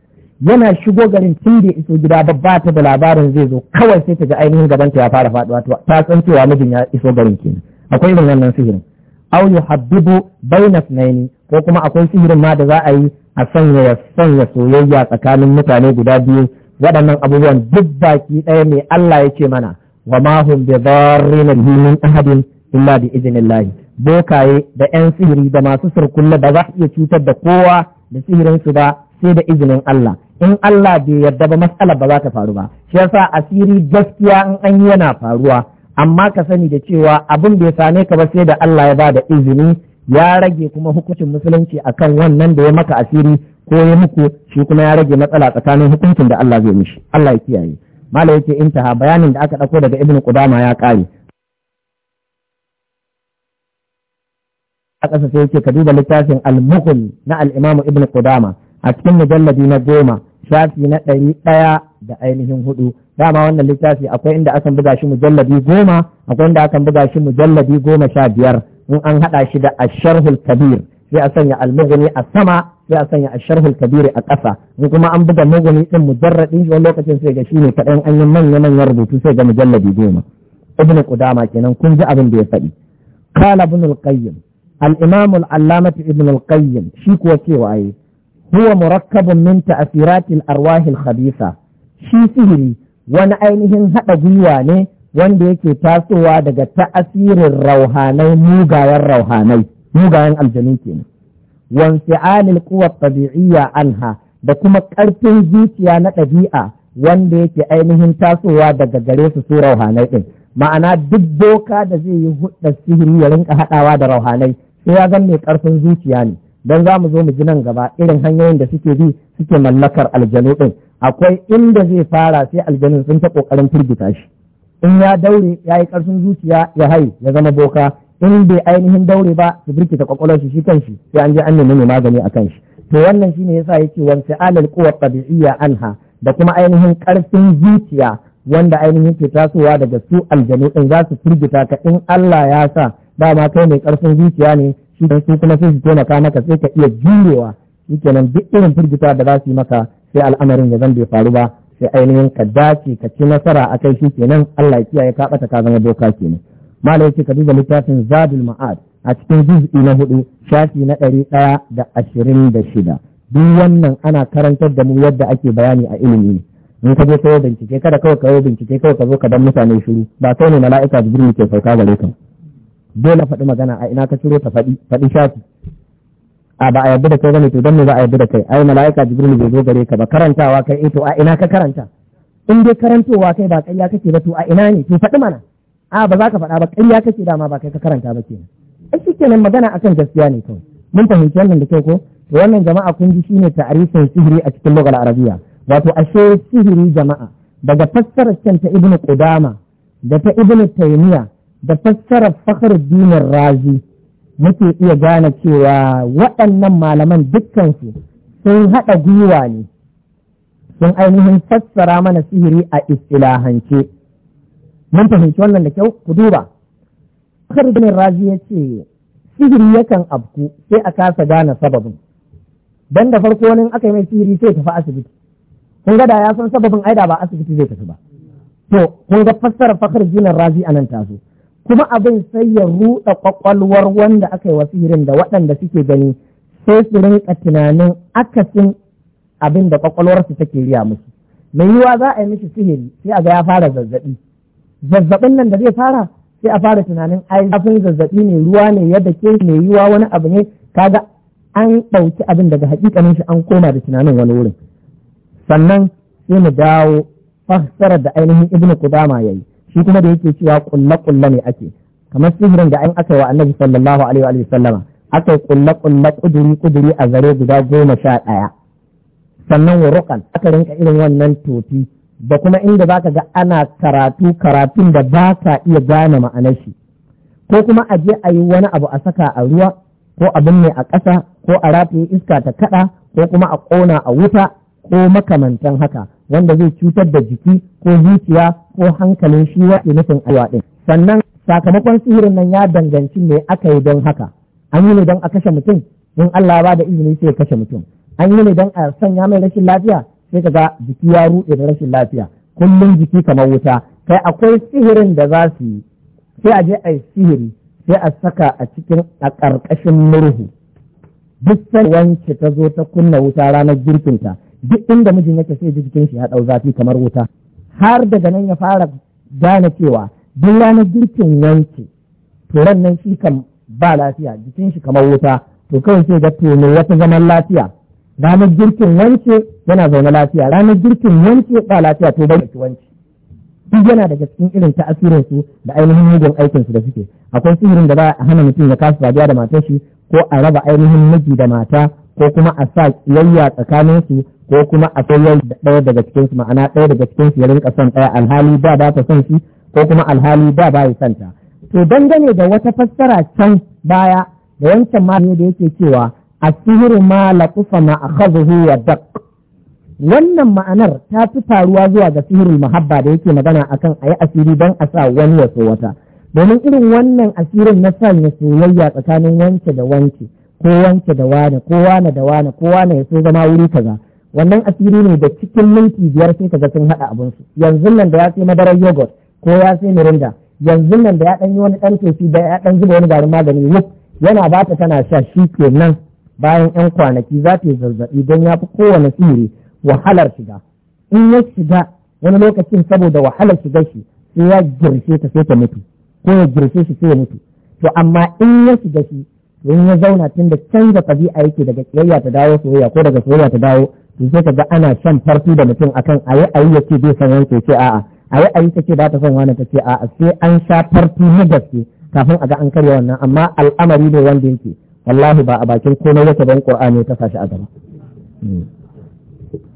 Speaker 1: yana shigo garin tun da iso gida babba ta da labarin zai zo kawai sai ta ji ainihin gabanta ya fara faɗuwa ta san cewa mijin ya iso garin kenan akwai irin wannan sihirin aw yuhabbibu baina ithnaini ko kuma akwai sihirin ma da za a yi a sanya sanya soyayya tsakanin mutane guda biyu waɗannan abubuwan duk baki ɗaya ne Allah ya ce mana wa ma hum bi dharrin min ahadin illa bi idnillahi bokaye da ƴan sihiri da masu surkulle ba za su iya cutar da kowa da sihirinsu ba sai da izinin Allah in Allah bai yarda ba matsala ba za ta faru ba shi yasa asiri gaskiya in an yana faruwa amma ka sani da cewa abin bai same ka ba sai da Allah ya ba da izini ya rage kuma hukuncin musulunci akan wannan da ya maka asiri ko ya muku shi kuma ya rage matsala tsakanin hukuncin da Allah zai mishi Allah ya kiyaye mala yake intaha bayanin da aka dauko daga ibnu qudama ya kare a ƙasa sai yake ka duba littafin al na al-imamu ibn qudama a cikin mujalladi na goma shafi na ɗari ɗaya da ainihin hudu dama wannan littafi akwai inda akan buga shi mujalladi goma akwai inda akan buga shi mujalladi goma sha biyar in an haɗa shi da asharhul kabir sai a sanya almuguni a sama sai a sanya asharhul kabir a ƙasa in kuma an buga muguni din mujarradi wani lokacin sai ga shi ne kaɗan an yi manya manyan rubutu sai ga mujalladi goma ibnu qudama kenan kun ji abin da ya faɗi qala ibnul qayyim الإمام العلامة ابن القيم شيك وكيو أي هو مركب من تأثيرات الأرواح shi sihiri wani ainihin haɗa gwiwa ne wanda yake tasowa daga ta'asirin rauhanai mugayen rauhanai mugayen aljanu kenan wansi alil kuwa tabi'iyya anha da kuma ƙarfin zuciya na ɗabi'a wanda yake ainihin tasowa daga gare su su rauhanai ɗin ma'ana duk doka da zai yi hudda sihiri ya rinka haɗawa da rauhanai sai ya zan mai karfin zuciya ne don za mu zo mu ji nan gaba irin hanyoyin da suke bi suke mallakar aljanu ɗin akwai inda zai fara sai aljanun sun ta kokarin firgita shi in ya daure ya yi karfin zuciya ya hai ya zama boka in bai ainihin daure ba su birkita kwakwalwar shi shi kanshi sai an je an nemi magani a kanshi to wannan shine yasa yake wanke alal quwwa tabi'iyya anha da kuma ainihin karfin zuciya wanda ainihin ke tasowa daga su aljanu din za su firgita ka in Allah ya sa ba ma kai mai karfin zuciya ne shi da su kuma sai su taimaka maka sai ka iya jurewa shikenan duk irin firgita da za su yi maka sai al'amarin ya zan bai faru ba sai ainihin ka dace ka ci nasara a kai shi kenan Allah ya kiyaye ka bata ka zama doka kenan malai ce ka duba littafin zadul ma'ad a cikin juz'i na hudu shafi na ɗari ɗaya da ashirin da shida duk wannan ana karantar da mu yadda ake bayani a ilimi ne in ka je ka bincike kada kawai ka bincike kawai ka zo ka dan mutane shiru ba kai ne mala'ika jibril ke sauka gare ka dole faɗi magana a ina ka ciro ta faɗi faɗi shafi a ba a yarda da kai bane to dan me ba a yarda da kai ai malaika jibril bai zo gare ka ba karantawa kai eh to a ina ka karanta in dai karantowa kai ba ƙarya kake ba to a ina ne to faɗi mana a ba za ka faɗa ba ƙarya kake dama ba kai ka karanta ba kenan ai kenan magana akan gaskiya ne kawai mun fahimci wannan da kai ko to wannan jama'a kun ji shine ta'arifin sihiri a cikin lugar arabiya wato ashe sihiri jama'a daga fassarar ta ibnu qudama da ta ibnu taymiya da fassarar fakar dinin razi muke iya gane cewa waɗannan malaman dukkansu sun haɗa gwiwa ne sun ainihin fassara mana sihiri a istilahance mun fahimci wannan da kyau ku duba fakar dinin razi ya ce sihiri yakan abku sai a kasa gane sababin dan da farko wani aka yi mai sihiri sai tafi asibiti kun ga da ya san sababin aida ba asibiti zai tafi ba to kun ga fassarar fakar dinin razi a nan taso kuma abin sai ya ruɗa kwakwalwar wanda aka yi wasirin da waɗanda suke gani sai su rinka tunanin akasin abin da su take riya musu mai yiwa za a yi mishi sihiri sai a ga ya fara zazzaɓi zazzaɓin nan da zai fara sai a fara tunanin ai zafin zazzaɓi ne ruwa ne yadda ke mai yiwa wani abu ne kaga an ɗauki abin daga hakikanin shi an koma da tunanin wani wurin sannan sai mu dawo fassarar da ainihin ibnu kudama yayi shi kuma da yake cewa kulle kulle ne ake kamar sihirin da an aka yi wa annabi sallallahu alaihi wa sallama aka yi kulle kulle kuduri kuduri a zare guda goma sha ɗaya sannan wurukan aka rinka irin wannan toti da kuma inda za ka ga ana karatu karatun da ba ka iya gane ma'anar shi ko kuma a je a yi wani abu a saka a ruwa ko abin ne a ƙasa ko a rataye iska ta kaɗa ko kuma a ƙona a wuta ko makamantan haka wanda zai cutar da jiki ko zuciya ko hankalin shi waɗi nufin aiwa ɗin sannan sakamakon sihirin nan ya danganci me aka yi don haka an yi ne don a kashe mutum in Allah ba da izini sai kashe mutum an yi ne don a sanya mai rashin lafiya sai ka ga jiki ya ruɗe da rashin lafiya kullum jiki kamar wuta kai akwai sihirin da za su yi sai a je a yi sihiri sai a saka a cikin a ƙarƙashin murhu duk wance ta zo ta kunna wuta ranar girkinta duk inda mijin yake sai ji jikin shi ya ɗau zafi kamar wuta har daga nan ya fara gane cewa duk ranar girkin yanki to ran nan shi kan ba lafiya jikin shi kamar wuta to kawai sai ga to me wata zaman lafiya ranar girkin wance yana zaune lafiya ranar girkin wance ba lafiya to bai ki wance duk yana daga cikin irin ta'asirin su da ainihin mijin aikin su da suke akwai sihirin da ba a hana mutum ya kasu saduwa da matar shi ko a raba ainihin miji da mata ko kuma a sa kiyayya tsakanin su ko kuma akwai yau ɗaya daga cikinsu ma'ana ɗaya daga cikinsu ya rinka son ɗaya alhali ba ba ta son shi ko kuma alhali ba ba ya son ta to dangane da wata fassara can baya da wancan ne da yake cewa asihiru ma laqufa ma akhadhu wa daq wannan ma'anar ta fi faruwa zuwa ga sihirul mahabba da yake magana akan yi asiri don a sa wani ya so wata domin irin wannan asirin na sanya soyayya tsakanin wance da wance ko wance da wane ko wane da wane ko wane ya so zama wuri kaza wannan asiri ne da cikin minti biyar sai ka ga sun haɗa abinsu yanzu nan da ya sai madarar yogurt ko ya sai mirinda yanzu nan da ya ɗan yi wani ɗan tofi da ya ɗan zuba wani garin magani wuf yana ba ta tana sha shi kenan bayan 'yan kwanaki za ta yi zazzaɓi don ya fi kowane sihiri wahalar shiga in ya shiga wani lokacin saboda wahalar shiga shi sai ya girshe ta sai ta mutu ko ya girshe shi sai ya mutu to amma in ya shiga shi in ya zauna tun da canza ɗabi'a yake daga kiyayya ta dawo soyayya ko daga soyayya ta dawo to sai ka ga ana shan farko da mutum akan ayi ayi yake bai san wani ce a'a ayi ayi ce ba ta son wani ta ce a'a sai an sha farko na gaske kafin a ga an karya wannan amma al'amari ne wanda yake wallahi ba a bakin komai yake ban qur'ani ta sashi a gaba hmm.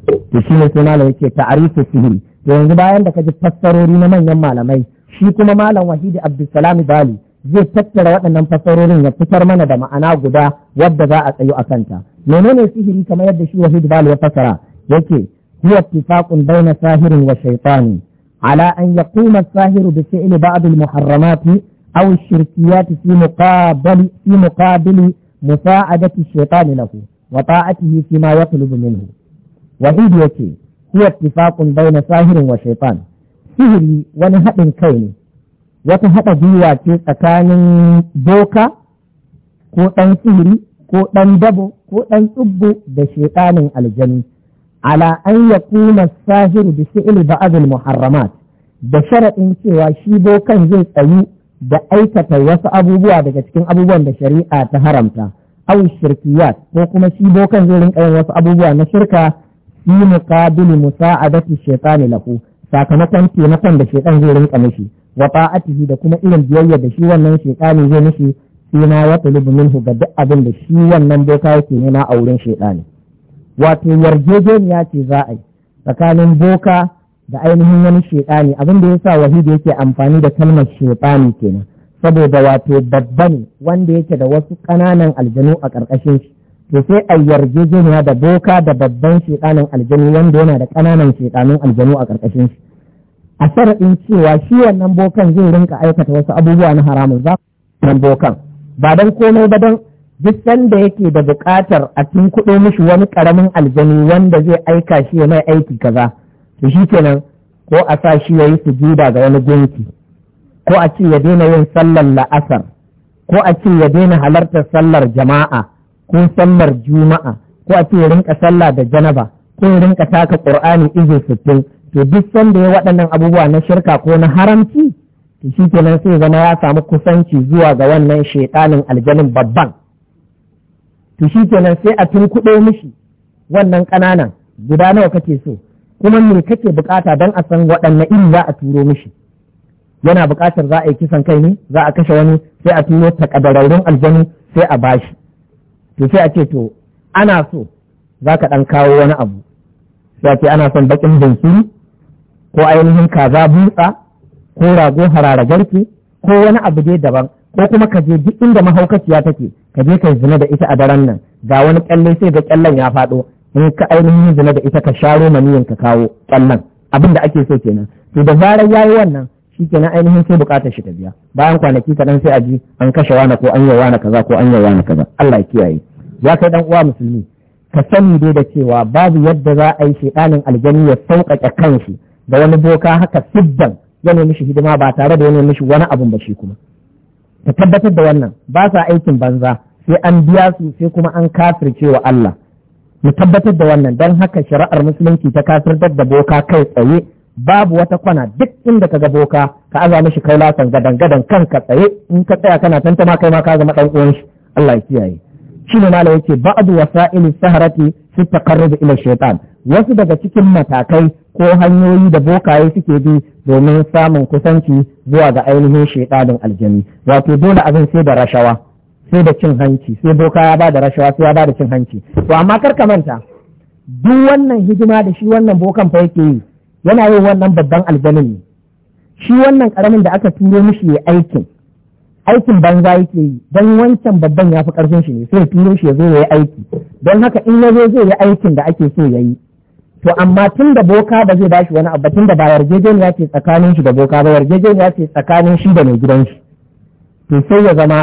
Speaker 1: to shi ne sai malam yake ta'arifu sihiri to yanzu bayan da ka ji fassarori na manyan malamai shi kuma malam wahidi abdulsalam bali zai tattara waɗannan fasarorin ya fitar mana da ma'ana guda wadda za a tsayu a kanta menene sihiri kamar yadda shi wahid bal ya fasara yake huwa ittifaqun baina sahirin wa shaytani ala an yaquma as-sahiru bi fi'li ba'd al-muharramat aw ash-shirkiyat fi muqabali fi muqabili musa'adati ash-shaytani lahu wa ta'atihi fi ma yatlubu minhu wahid yake huwa ittifaqun baina sahirin wa shaytan sihiri wani haɗin kai ne wata haɗa gwiwa ce tsakanin boka ko ɗan tsiri ko ɗan dabo ko ɗan tsubbu da sheƙanin aljani ala an ya kuma sahiru da shi'il ba'azul muharramat da sharaɗin cewa shi bokan zai tsayu da aikata wasu abubuwa daga cikin abubuwan da shari'a ta haramta au shirkiyat ko kuma shi bokan zai rinka yin wasu abubuwa na shirka fi muqabili musa'adati shaytani lahu sakamakon taimakon da shaytan zai rinka mishi wa ta'atihi da kuma irin biyayya da shi wannan shaytani zai mishi sai ma ya tulubu minhu ga duk abin da shi wannan boka yake nema a wurin shaytani wato yarjejeniya ce za a yi tsakanin boka da ainihin wani shaytani abin da yasa wahidi yake amfani da kalmar shaytani kenan saboda wato babba ne wanda yake da wasu ƙananan aljanu a ƙarƙashin shi to sai a yarjejeniya da boka da babban shaytanin aljanu wanda yana da ƙananan shaytanun aljanu a ƙarƙashin shi a sharaɗin cewa shi wannan bokan zai rinka aikata wasu abubuwa na haramun za nan bokan ba don komai ba don duk sanda yake da buƙatar a tun kuɗo mishi wani ƙaramin aljani wanda zai aika shi ya mai aiki kaza to shi kenan ko a sa shi ya yi sujuda ga wani gunki ko a ce ya daina yin sallar la'asar ko a ce ya daina halartar sallar jama'a ko sallar juma'a ko a ce ya rinka sallah da janaba ko ya rinka taka ƙur'ani izo sittin to duk sanda ya waɗannan abubuwa na shirka ko na haramci to shi kenan sai zama ya samu kusanci zuwa ga wannan shaiɗanin aljanin babban to shi kenan sai a tunkuɗe mishi wannan ƙananan guda nawa kake so kuma me kake bukata don a san waɗanne iri za a turo mishi yana bukatar za a yi kisan kai ne za a kashe wani sai a turo takadararrun aljanu sai a bashi to sai a ce to ana so za ka ɗan kawo wani abu sai a ce ana son baƙin bunsuru ko ainihin kaza butsa ko rago harara garki ko wani abu dai daban ko kuma ka je duk inda mahaukaciya take ka je ka zina da ita a daren nan ga wani kyalle sai ga kyallen ya faɗo in ka ainihin zina da ita ka sharo maniyan ka kawo kyallen abin da ake so kenan to da zarar yayi wannan shi kenan ainihin sai bukatar shi ta biya bayan kwanaki kaɗan sai a ji an kashe wani ko an yi wani kaza ko an yi wani kaza Allah ya kiyaye ya kai dan uwa musulmi ka sani dai da cewa babu yadda za a yi shedanin aljani ya sauƙaƙe kanshi da wani boka haka sibban ya nemi shi hidima ba tare da ya nemi shi wani abun ba shi kuma ta tabbatar da wannan ba sa aikin banza sai an biya su sai kuma an kafirce wa Allah mu tabbatar da wannan don haka shari'ar musulunci ta kafirtar da boka kai tsaye babu wata kwana duk inda ka ga boka ka aza mishi kai lasan gadan gadan kanka tsaye in ka tsaya kana tantama kai ma ka zama dan uwan shi Allah ya kiyaye shi ne malai yake ba'du wasa'il saharati fi taqarrub ila shaytan wasu daga cikin matakai ko hanyoyi da bokaye suke bi domin samun kusanci zuwa ga ainihin shaidanin aljani wato dole abin sai da rashawa sai da cin hanci sai boka ya ba da rashawa sai ya ba da cin hanci to amma kar ka manta duk wannan hidima da shi wannan bokan fa yake yi yana yin wannan babban aljanin ne shi wannan karamin da aka turo mishi ya aikin aikin banza yake yi don wancan babban ya fi karfin shi ne sai ya turo shi ya zo ya yi aiki don haka in ya zo zai yi aikin da ake so ya yi to amma tun da boka ba zai bashi wani abu tun da ba yarjejeniya ce tsakanin shi da boka ba yarjejeniya ce tsakanin shi da mai gidan shi to sai ya zama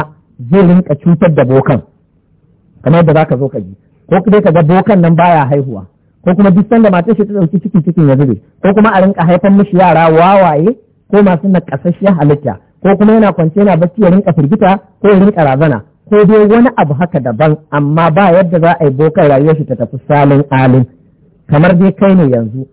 Speaker 1: zai rinka cutar da bokan kamar da ka zo ka ji ko kuma ka ga bokan nan baya haihuwa ko kuma duk sanda matar shi ta dauki ciki cikin ya zube ko kuma a rinka haifan mishi yara wawaye ko masu nakasasshiyar halitta ko kuma yana kwance yana bacci ya rinka firgita ko ya rinka razana ko dai wani abu haka daban amma ba yadda za a yi bokan rayuwar shi ta tafi salin alin kamar dai kai ne yanzu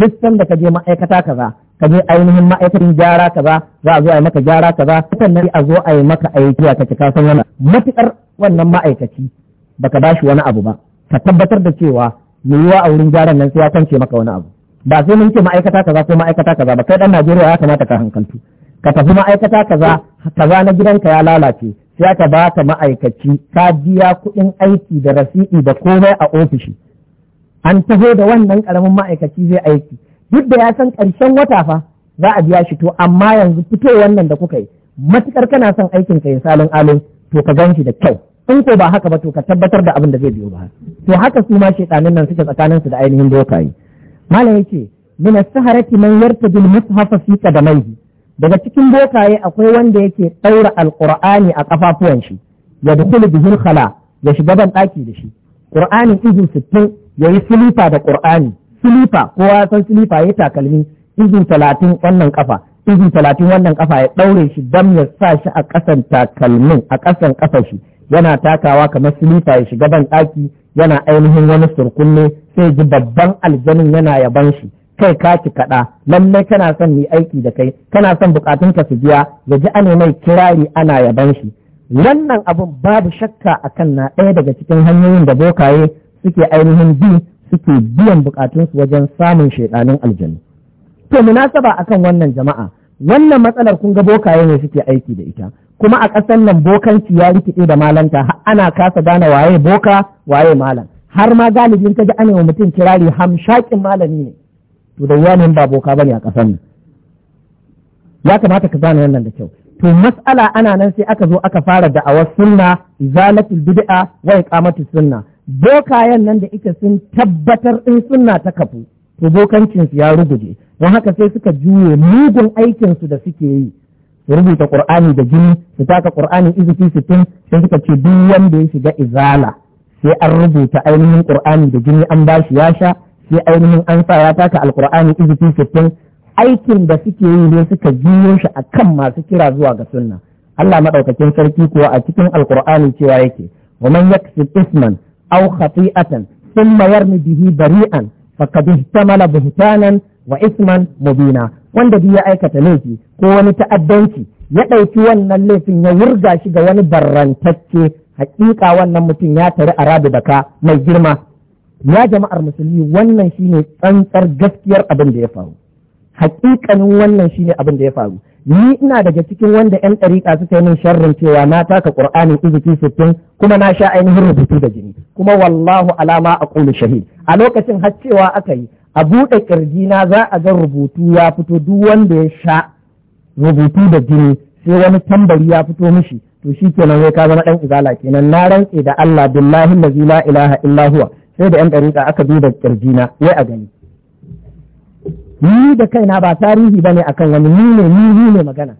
Speaker 1: duk sanda ka je ma'aikata kaza ka je ainihin ma'aikatan gyara kaza za a zo a yi maka gyara kaza sannan a zo a yi maka aiki a kace ka san wannan matukar wannan ma'aikaci baka bashi wani abu ba ka tabbatar da cewa yiwuwa a wurin gyaran nan sai ya kance maka wani abu ba sai mun ce ma'aikata kaza ko ma'aikata kaza ba kai dan Najeriya ya kamata ka hankaltu ka tafi ma'aikata kaza kaza na gidanka ya lalace sai ka ba ka ma'aikaci ka biya kuɗin aiki da rasidi da komai a ofishi an taho da wannan ƙaramin ma'aikaci zai aiki duk da ya san ƙarshen wata fa za a biya shi to amma yanzu fito wannan da kuka yi matukar kana son aikin ka salon alo to ka gan shi da kyau in ko ba haka ba to ka tabbatar da abin da zai biyo ba to haka su ma shedanin nan suke tsakanin su da ainihin bokaye malam yace min as-saharati man yartadi al-mushaf fi qadamayhi daga cikin bokaye akwai wanda yake daura Alƙur'ani a kafafuwan shi ya dukulu bihil khala ya shiga ban daki da shi ƙur'ani izin sittin ya yi silifa da ƙur'ani silifa kowa san silifa ya yi takalmi izin talatin wannan kafa izin talatin wannan kafa ya ɗaure shi dam ya sa shi a ƙasan takalmin a ƙasan ƙafa shi yana takawa kamar silifa ya shiga ban ɗaki yana ainihin wani surkulle sai ji babban aljanin yana yaban shi kai ka ki kaɗa lallai kana son yi aiki da kai kana son bukatunka su biya ya ji ana mai kirari ana yaban shi wannan abin babu shakka akan na ɗaya daga cikin hanyoyin da bokaye suke ainihin bi suke biyan bukatunsu wajen samun shaidanin aljanu to munasaba kan wannan jama'a wannan matsalar kun ga bokaye ne suke aiki da ita kuma a ƙasar nan bokanci ya rikide da malanta ana kasa gane waye boka waye malam har ma galibin ta ji ana wa mutum kirari hamshakin malami ne to da wani ba boka bane a ƙasar nan ya kamata ka gane wannan da kyau to mas'ala ana nan sai aka zo aka fara da'awar sunna zalatul bid'a wa iqamatu sunna bokayen nan da ita sun tabbatar in sunna ta kafu to bokancin su ya ruguje don haka sai suka juye mugun aikin su da suke yi su rubuta qur'ani da jini su taka qur'ani izufi sittin sai suka ce duk wanda ya shiga izala sai an rubuta ainihin qur'ani da jini an bashi ya sha sai ainihin an sa ya taka alqur'ani izufi sittin aikin da suke yi ne suka jiyo shi a kan masu kira zuwa ga sunna Allah madaukakin sarki kuwa a cikin alkur'ani cewa yake wa man yaksib isman aw khati'atan thumma yarmi bihi bari'an faqad ihtamala buhtanan wa isman mubina wanda duk ya aikata laifi ko wani ta'addanci ya ɗauki wannan laifin ya wurga shi ga wani barrantacce hakika wannan mutum ya tare a rabu da ka mai girma ya jama'ar musulmi wannan shine tsantsar gaskiyar abin da ya faru hakikanin wannan shine abin da ya faru ni ina daga cikin wanda yan ɗariƙa suka yi min sharrin cewa na taka qur'ani izuki sittin kuma na sha ainihin rubutu da jini kuma wallahu alama a aqulu shahid a lokacin har cewa aka yi a buɗe ƙirji na za a ga rubutu ya fito duk wanda ya sha rubutu da jini sai wani tambari ya fito mishi to shi kenan ya ka zama ɗan izala kenan na rantse da Allah billahi la ilaha illa huwa sai da yan ɗariƙa aka duba ƙirji na wai a gani ni da kaina ba tarihi bane akan wani ni ne ni ne magana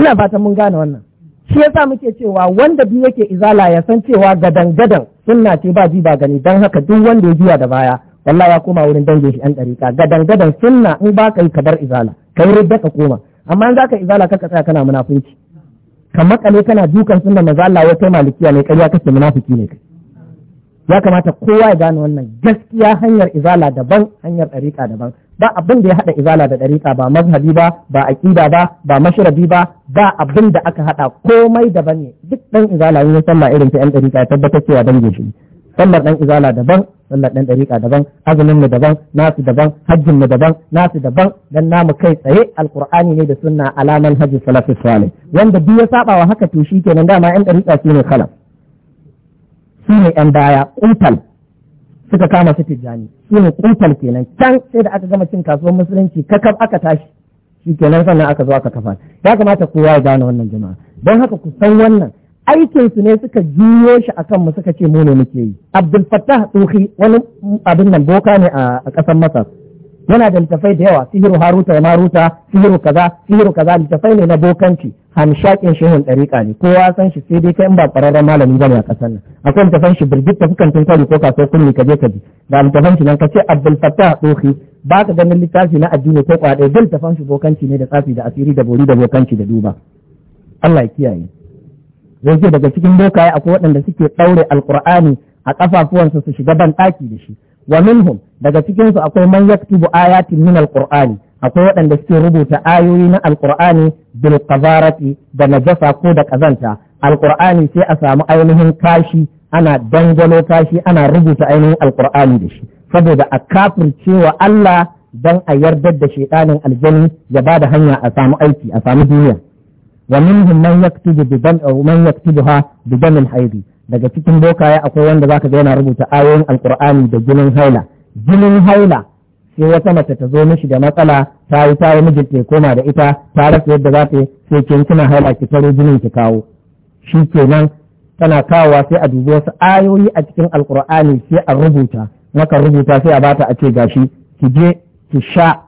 Speaker 1: ina fatan mun gane wannan shi yasa muke cewa wanda biyu yake izala ya san cewa gadan gadan sunna ce ba ji ba gani dan haka duk wanda ya juya da baya wallahi ya koma wurin dangin shi an dariƙa gadan gadan sunna in ba ka yi kabar izala kai rubda ka koma amma in zaka izala ka tsaya kana munafunci ka makale kana dukan sunna maza Allah kai malikiya ne kariya kake munafiki ne kai ya kamata kowa ya gane wannan gaskiya hanyar izala daban hanyar ɗariƙa daban ba abin da ya haɗa izala da ɗariƙa ba mazhabi ba ba aƙida ba ba mashrabi ba ba abin da aka haɗa komai daban ne duk ɗan izala yin sallah irin ta 'yan ɗariƙa ya tabbatar cewa dan shi sallar ɗan izala daban sallar ɗan ɗariƙa daban azumin mu daban nasu daban hajjin mu daban nasu daban dan namu kai tsaye alqur'ani ne da sunna alaman hajji salafus salih wanda duk ya saba wa haka to shi kenan dama 'yan ɗariƙa shine kala. su ne ‘yan baya kutal suka kama su tijjani su ne kutal kenan can sai da aka gama cin kasuwar musulunci kakaf aka tashi shi kenan sannan aka zo aka kafa ya kamata kowa ya gane wannan jama'a don haka ku san wannan Aikinsu ne suka juyo shi akan mu suka ce mu ne muke yi abdul fattah tsohi wani abin nan boka ne a ƙasar masar yana da littafai da yawa sihiru haruta ya maruta sihiru kaza sihiru kaza littafai ne na bokanci hamshakin shehun ɗariƙa ne kowa san shi sai dai kai in ba ƙwararren malami bane a ƙasar nan akwai littafan shi birgit ta fukan ko kaso kunni ka je ka ji da littafan shi nan ka ce abdul fattah tsohi ba ka ganin littafi na addini ko kwaɗe duk littafan shi bokanci ne da tsafi da asiri da bori da bokanci da duba Allah ya kiyaye zai daga cikin bokaye akwai waɗanda suke ɗaure alƙur'ani a ƙafafuwansu su shiga ban ɗaki da shi wa minhum daga cikin su akwai man yaktubu ayatin min alqur'ani akwai waɗanda suke rubuta ayoyi na alqur'ani bil qadarati da najasa ko da kazanta alqur'ani sai a samu ainihin kashi ana dangalo kashi ana rubuta ainihin alqur'ani da shi saboda a kafircewa Allah dan a yarda da shaidanin aljani ya ba da hanya a samu aiki a samu duniya wa minhum man yaktubu bi man yaktubuha bi daga cikin bokaye akwai wanda zaka ga yana rubuta ayoyin alkur'ani da jinin haila jinin haila sai wata mace ta zo mishi da matsala ta yi ta yi mijinta ya koma da ita ta rasa yadda za ta yi sai kin kina haila ki taro jinin ki kawo shi kenan tana kawowa sai a dubi wasu ayoyi a cikin alkur'ani sai a rubuta maka rubuta sai a bata a ce gashi ki je ki sha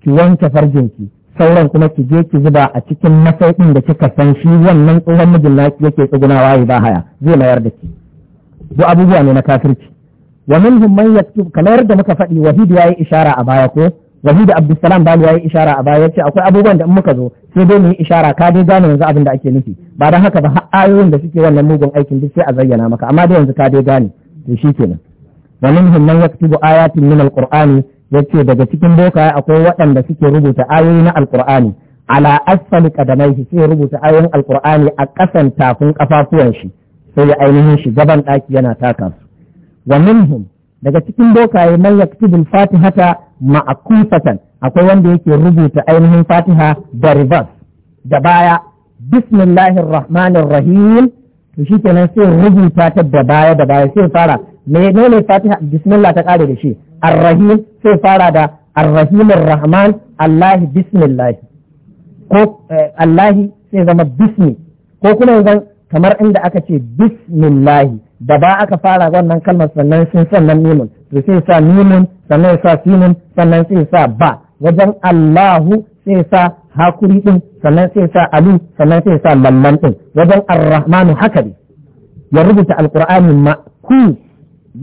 Speaker 1: ki wanke farjinki sauran kuma ki je ki zuba a cikin masaukin da kika san shi wannan tsohon mijin naki yake tsugunawa ya ba haya zai mayar da ki duk abubuwa ne na kafirci wa minhum man yaktub kamar da muka faɗi wahid yayi ishara a baya ko wahid abdussalam ya yayi ishara a baya yace akwai abubuwan da in muka zo sai dai mu yi ishara ka dai gane yanzu abin da ake nufi ba dan haka ba har ayoyin da suke wannan mugun aikin duk sai a zayyana maka amma dai yanzu ka dai gane to shikenan wa minhum man yaktubu ayatin min alqur'ani yace daga cikin bokaye akwai waɗanda suke rubuta ayoyi na alkur'ani ala asfali kadamaihi sai rubuta ayoyin alkur'ani a ƙasan tafin kafafuwan shi sai ya ainihin shi gaban ɗaki yana taka su wa minhum daga cikin bokaye man yaktubul fatihata ma'akufatan akwai wanda yake rubuta ainihin fatiha da reverse da baya bismillahir rahmanir rahim to shikenan sai rubuta ta da baya da baya sai fara menene fatiha bismillah ta kare da shi arrahim sai fara da arrahimur rahman allahi bismillah ko eh, allahi sai zama bismi ko kuma yanzu kamar inda aka ce bismillah da ba aka fara wannan kalmar sannan sun sannan nimun to sai sa nimun sannan sa sinun sannan sai sa ba wajen allahu sai sa hakuri din sannan sai sa alu sannan sai sa lallan din wajen arrahmanu haka ne ya rubuta alqur'ani ku.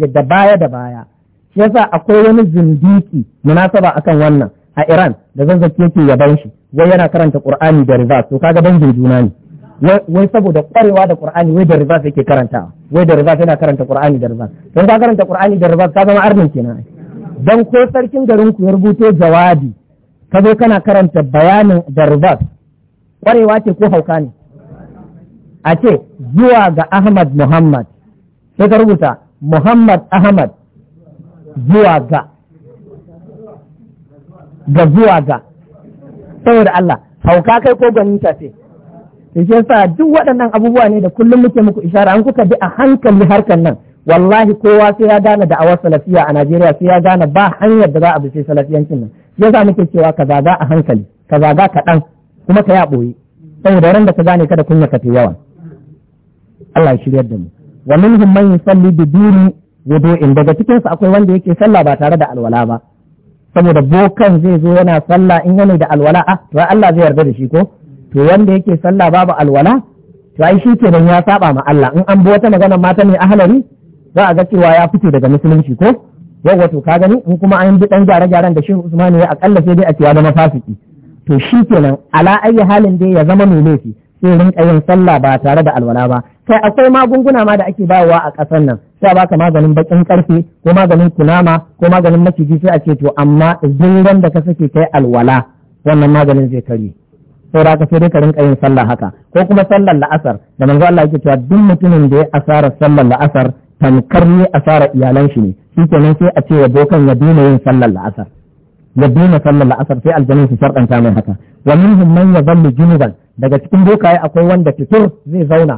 Speaker 1: da baya da baya shi yasa akwai wani zindiki munasaba akan wannan a Iran da zazzaki yake yaban shi wai yana karanta Qur'ani da reverse to kaga ban juna ne wai saboda kwarewa da Qur'ani wai da reverse yake karanta wai da reverse yana karanta Qur'ani da reverse don ka karanta Qur'ani da reverse ka zama arnin kenan dan ko sarkin garin ku ya rubuto jawabi ka zo kana karanta bayanin da reverse kwarewa ce ko hauka ne a ce zuwa ga Ahmad Muhammad sai ka rubuta Muhammad Ahmad zuwa ga ga zuwa ga saboda Allah hauka kai ko gwaninta ce to duk waɗannan abubuwa ne da kullum muke muku ishara an kuka bi a hankali harkar nan wallahi kowa sai ya gane da awar salafiya a Najeriya sai ya gane ba hanyar da za a bishe salafiyancin nan za muke cewa ka zaga a hankali ka zaga kaɗan kuma ka ya ɓoye saboda ran da ka gane kada kunya ka fi yawa Allah ya shiryar da mu wa minhum man yusalli bi wudu'in daga cikin su akwai wanda yake sallah ba tare da alwala ba saboda bokan zai zo yana sallah in yana da alwala ah to Allah zai yarda da shi ko to wanda yake sallah babu alwala to ai shi kenan ya saba ma Allah in an bi wata magana mata ne ahlari za a ga cewa ya fito daga musulunci ko yau to ka gani in kuma an bi dan gyare-gyaren da Shehu Usman ya akalla sai dai a cewa fasiki to shi kenan ala ayi halin dai ya zama mai laifi sai rinka yin sallah ba tare da alwala ba kai akwai magunguna ma da ake bawa a ƙasar nan sai a baka maganin bakin karfe ko maganin kunama ko maganin maciji sai a ce to amma zindan da ka sake kai alwala wannan maganin zai kare saboda ka sai dai ka rinka yin sallah haka ko kuma sallar la'asar da manzo Allah yake cewa duk mutumin da ya asara sallar la'asar tamkar ne asara iyalan shi ne shikenan sai a ce wa bokan ya daina yin sallar la'asar ya daina sallar la'asar sai aljanin su sarkanta mai haka wa minhum man yadhallu junuban daga cikin bokaye akwai wanda fitur zai zauna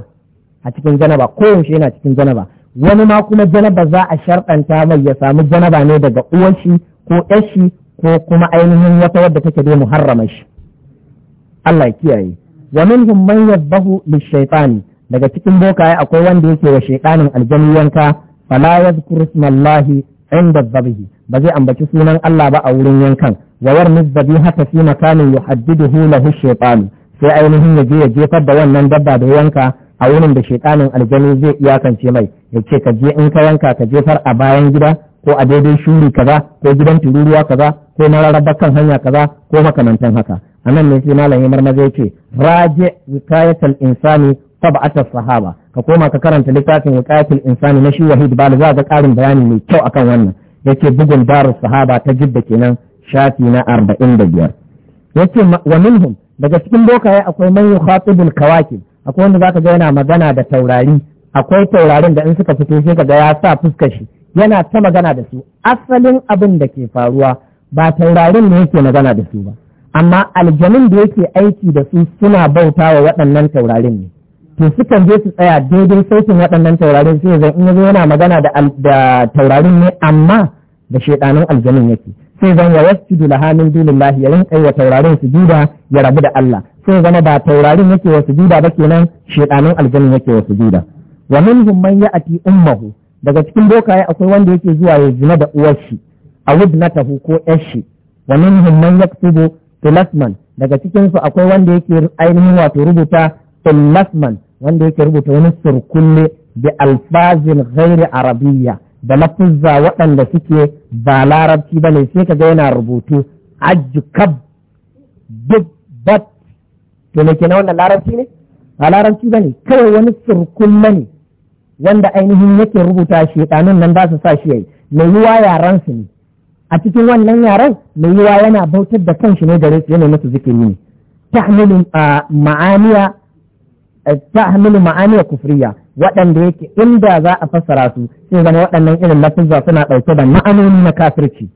Speaker 1: a cikin janaba koyaushe yana cikin janaba wani ma kuma janaba za a sharɗanta mai ya samu janaba ne daga uwanshi ko yashi ko kuma ainihin wata wadda take dai muharrama shi Allah ya kiyaye wa minhum man yadbahu lishaytani daga cikin bokaye akwai wanda yake wa shaytanin aljani yanka fala yadhkuru ismallahi inda dhabihi ba zai ambaci sunan Allah ba a wurin yankan wa yarmiz dhabihata fi makanin yuhaddiduhu lahu shaytanu sai ainihin ya je ya jefar da wannan dabba da yanka a wurin da shaiɗanin aljanu zai iyakance mai ya ce ka je in ka yanka ka jefar a bayan gida ko a daidai shuri kaza ko gidan tururuwa kaza ko na rarraba kan hanya kaza ko makamantan haka a nan ne sai malam yamar maza ya ce raje wikayatul insani sab'atus sahaba ka koma ka karanta littafin wikayatul insani na shi wahid bal za ga karin bayani mai kyau akan wannan yace bugun darus sahaba ta jidda kenan shafi na arba'in da biyar yace wa minhum daga cikin bokaye akwai man yukhatibul kawakib akwai wanda zaka ga yana magana da taurari akwai taurarin da in suka fito sai kaga ya sa fuska shi yana ta magana da su asalin abin da ke faruwa ba taurarin ne yake magana da su ba amma aljanun da yake aiki da su suna bauta wa waɗannan taurarin ne to sukan je su tsaya daidai sautin waɗannan taurarin sai zan in yana magana da taurarin ne amma da shaidanin aljanun yake sai zan ya wasu laha min dunillah ya kai wa taurarin su sujuda ya rabu da Allah sai zama ba taurarin yake wa sujuda ba kenan shekanun aljanin yake wa juda wa minhum man ya'ti ummahu daga cikin bokaye akwai wanda yake zuwa ya zina da uwar shi a wudnatahu ko yar shi wa minhum man yaktubu tulasman daga cikin su akwai wanda yake ainihin wato rubuta tulasman wanda yake rubuta wani surkulle bi alfazin ghairi arabiyya da lafuzza waɗanda suke ba larabci ba ne sai kaga yana rubutu ajkab duk bat to me kenan wannan larabci ne ba larabci ba ne kawai wani surkulla ne wanda ainihin yake rubuta shekanun nan ba su sa shi yayi mai yiwa yaran su ne a cikin wannan yaran mai yiwa yana bautar da kanshi ne gare su yana musu zikiri ne tahmilu ah, ma'aniya tahmilu ma'ani kufriya waɗanda yake inda za a fassara su sai zama waɗannan irin lafuzza suna ɗauke da ma'anoni na kafirci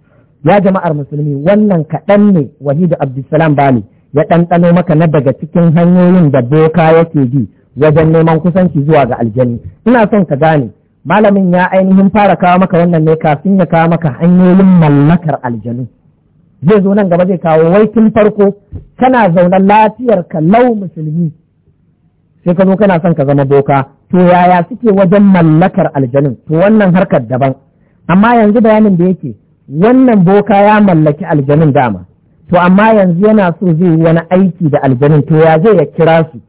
Speaker 1: ya jama'ar musulmi wannan kaɗan ne wahidu abdulsalam bali ya ɗanɗano maka na daga cikin hanyoyin da boka yake bi wajen neman kusanci zuwa ga aljanu. ina son ka gane malamin ya ainihin fara kawo maka wannan ne kafin ya kawo maka hanyoyin mallakar aljanu zai zo nan gaba zai kawo wai tun farko kana zaune lafiyar ka lau musulmi sai ka zo kana son ka zama boka to yaya suke wajen mallakar aljanin to wannan harkar daban amma yanzu bayanin da yake wannan boka ya mallaki aljanin dama to amma yanzu yana so zai yi wani aiki da aljanin to ya zai ya kira su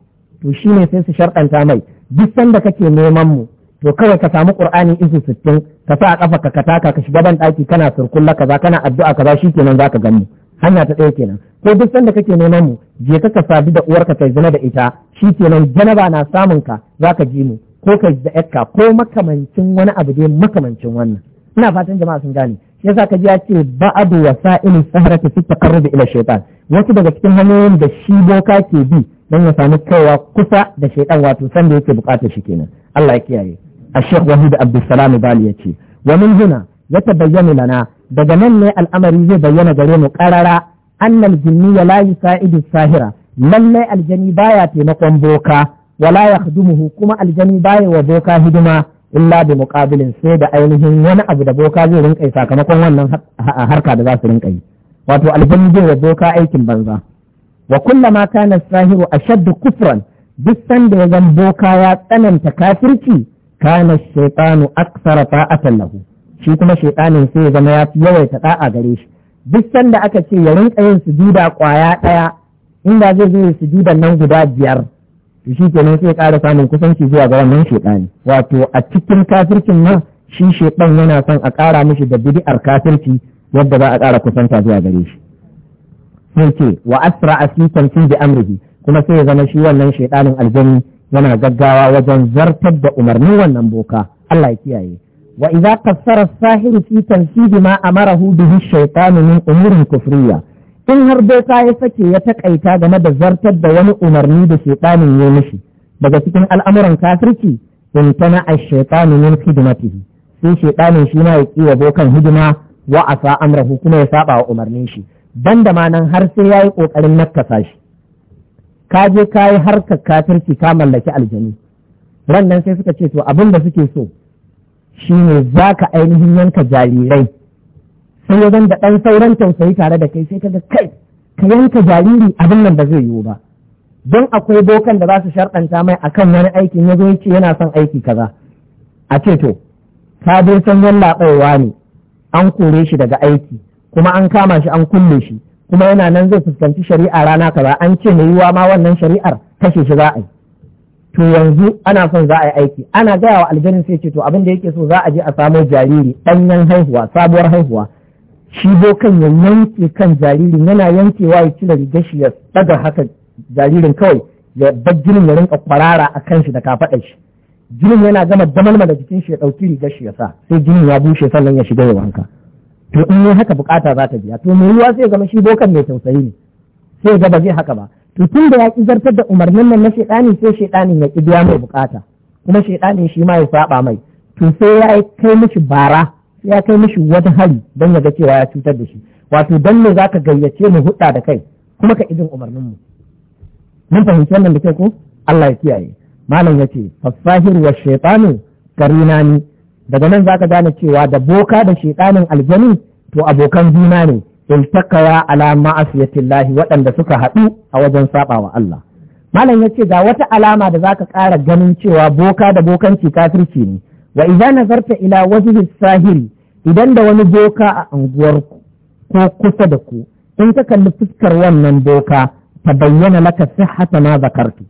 Speaker 1: to shine sai su sharɗanta mai duk sanda kake neman mu to kawai ka samu qur'ani Isu sittin ka sa a ƙafa ka kataka, ka shiga ban ɗaki kana surkulla kaza kana addu'a kaza shikenan zaka gani hanya ta ɗaya kenan ko duk sanda kake neman mu je ka sadu da uwarka kai zina da ita shi kenan janaba na samun ka zaka ji mu ko kai da ka ko makamancin wani abu dai makamancin wannan ina fatan jama'a sun gane yasa ka ji ya ce ba'adu wasa'il sahrati fi taqarrub ila shaytan wasu daga cikin hanyoyin da shi boka ke bi don ya sami kaiwa kusa da shaitan wato sanda yake bukatar shi kenan Allah ya kiyaye a Sheikh Wahid Abdulsalam Bali ya ce wa min huna ya tabayyana lana daga nan ne al'amari zai bayyana gare mu karara annal jinni ya la yusaidu sahira lalle aljani baya taimakon boka wala yakhdumuhu kuma aljani baya wa boka hidima illa bi muqabilin sai da ainihin wani abu da boka zai rinka sakamakon wannan harka da za su rinka yi wato aljani zai wa boka aikin banza wa kullama kana sahiru ashaddu kufran duk sanda ya zan boka ya tsananta kafirci kana shaytanu aksara ta'atan lahu shi kuma shaiɗanin sai ya zama ya fi yawaita ɗa'a gare shi duk sanda aka ce ya rinka yin sujuda kwaya ɗaya inda zai zo sujudan nan guda biyar to shi kenan sai ya ƙara samun kusanci zuwa ga wannan shaiɗani wato a cikin kafircin nan shi shaiɗan yana son a ƙara mishi da bidi'ar kafirci yadda za a ƙara kusanta zuwa gare shi sai ce wa asra asikan fi bi amrihi kuma sai ya zama shi wannan shaiɗanin aljani yana gaggawa wajen zartar da umarnin wannan boka Allah ya kiyaye wa idza fassara sahiru fi hidima a mara bihi shaytanu min umurin kufriya in har dai ka ya sake ya takaita game da zartar da wani umarni da shaytanin ya mishi daga cikin al'amuran kafirci in tana ash-shaytanu min khidmatihi sai shaytanin shi ma ya kiwa bokan hidima wa asa amrahu kuma ya saɓa wa umarnin shi dan da ma nan har sai yayi ƙoƙarin nakasa shi ka je ka yi harkar kafirci ka mallaki aljanu Rannan nan sai suka ce to abin da suke so Shi ne za ka ainihin yanka jarirai sai ya da ɗan sauran tausayi tare da kai sai ka ga kai ka yanka jariri abin nan ba zai yiwu ba don akwai bokan da za su sharɗanta mai akan wani aikin ya zo ce yana son aiki kaza a ce to ka dai san yallaɓaiwa ne an kore shi daga aiki kuma an kama shi an kulle shi kuma yana nan zai fuskanci shari'a rana kaza an ce mai yiwa ma wannan shari'ar kashe shi za a yi to yanzu ana son za a yi aiki ana gaya wa aljanin sai ce to abin da yake so za a je a samo jariri ɗanyen haihuwa sabuwar haihuwa shi bo kan ya yanke kan jaririn yana yankewa ya cire rigar shi ya tsaga haka jaririn kawai ya bar jinin ya rinka kwarara a kan shi da kafaɗa shi jinin yana gama damalma da jikin shi ya ɗauki rigar shi ya sa sai jinin ya bushe sannan ya shiga ya wanka to in yi haka bukata za ta biya to mai ruwa sai ya zama shi bokan mai tausayi ne sai ya gaba zai haka ba Tutun da ya ƙi zartar da umarnin nan na shaidani sai shaidanin ya ƙi biya mai bukata kuma shaidanin shi ma ya saɓa mai to sai ya kai mishi bara ya kai mishi wata hari don ya ga cewa ya cutar da shi wato don me zaka gayyace mu hudda da kai kuma ka idin umarnin mu mun fahimci wannan da kai ko Allah ya kiyaye malam yace fasahir wa shaytanu karinani daga nan zaka gane cewa da boka da shaytanin aljanu, to abokan juna ne iltakaya ala ma'asiyatillahi waɗanda suka haɗu a wajen saba wa Allah malam yace ga wata alama da zaka ƙara ganin cewa boka da bokanci kafirci ne wa idza nazarta ila wajhi sahiri idan da wani boka a unguwarku ko kusa da ku in ka kalli fuskar wannan boka ta bayyana maka sihhata ma zakartu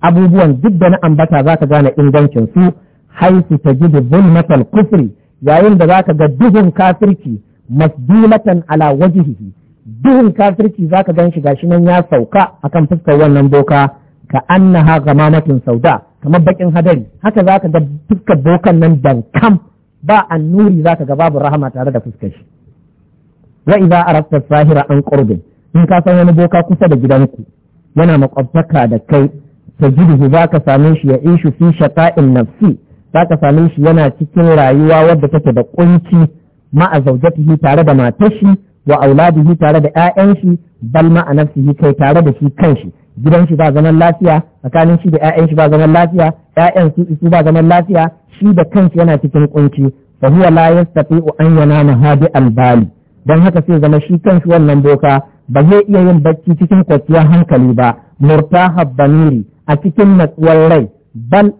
Speaker 1: abubuwan duk da na ambata zaka gane ingancin su haisu tajidu zulmatal kufri yayin da zaka ga duhun kafirci masdulatan ala wajihihi duhun kafirci zaka gan shi gashi nan ya sauka akan fuskar wannan boka ka annaha gamamatin sauda kamar bakin hadari haka zaka ga fuskar bokan nan dankam ba annuri zaka ga babu rahama tare da fuskar shi wa idza arafta sahira an qurbin in ka san wani boka kusa da gidanku yana makwabtaka da kai tajiduhu zaka same shi ya ishu fi shata'in nafsi zaka same shi yana cikin rayuwa wadda take da kunci ma'a zaujatihi tare da matar shi wa auladihi tare da 'ya'yan shi bal ma'a nafsihi kai tare da shi kanshi gidan shi ba zaman lafiya tsakanin shi da 'ya'yan shi ba zaman lafiya 'ya'yan su su ba zaman lafiya shi da kanshi yana cikin kunci fa huwa la yastati'u an yanama hadi albali don haka sai zama shi kanshi wannan boka ba zai iya yin bacci cikin kwanciyar hankali ba murtaha bamiri a cikin matsuwar rai bal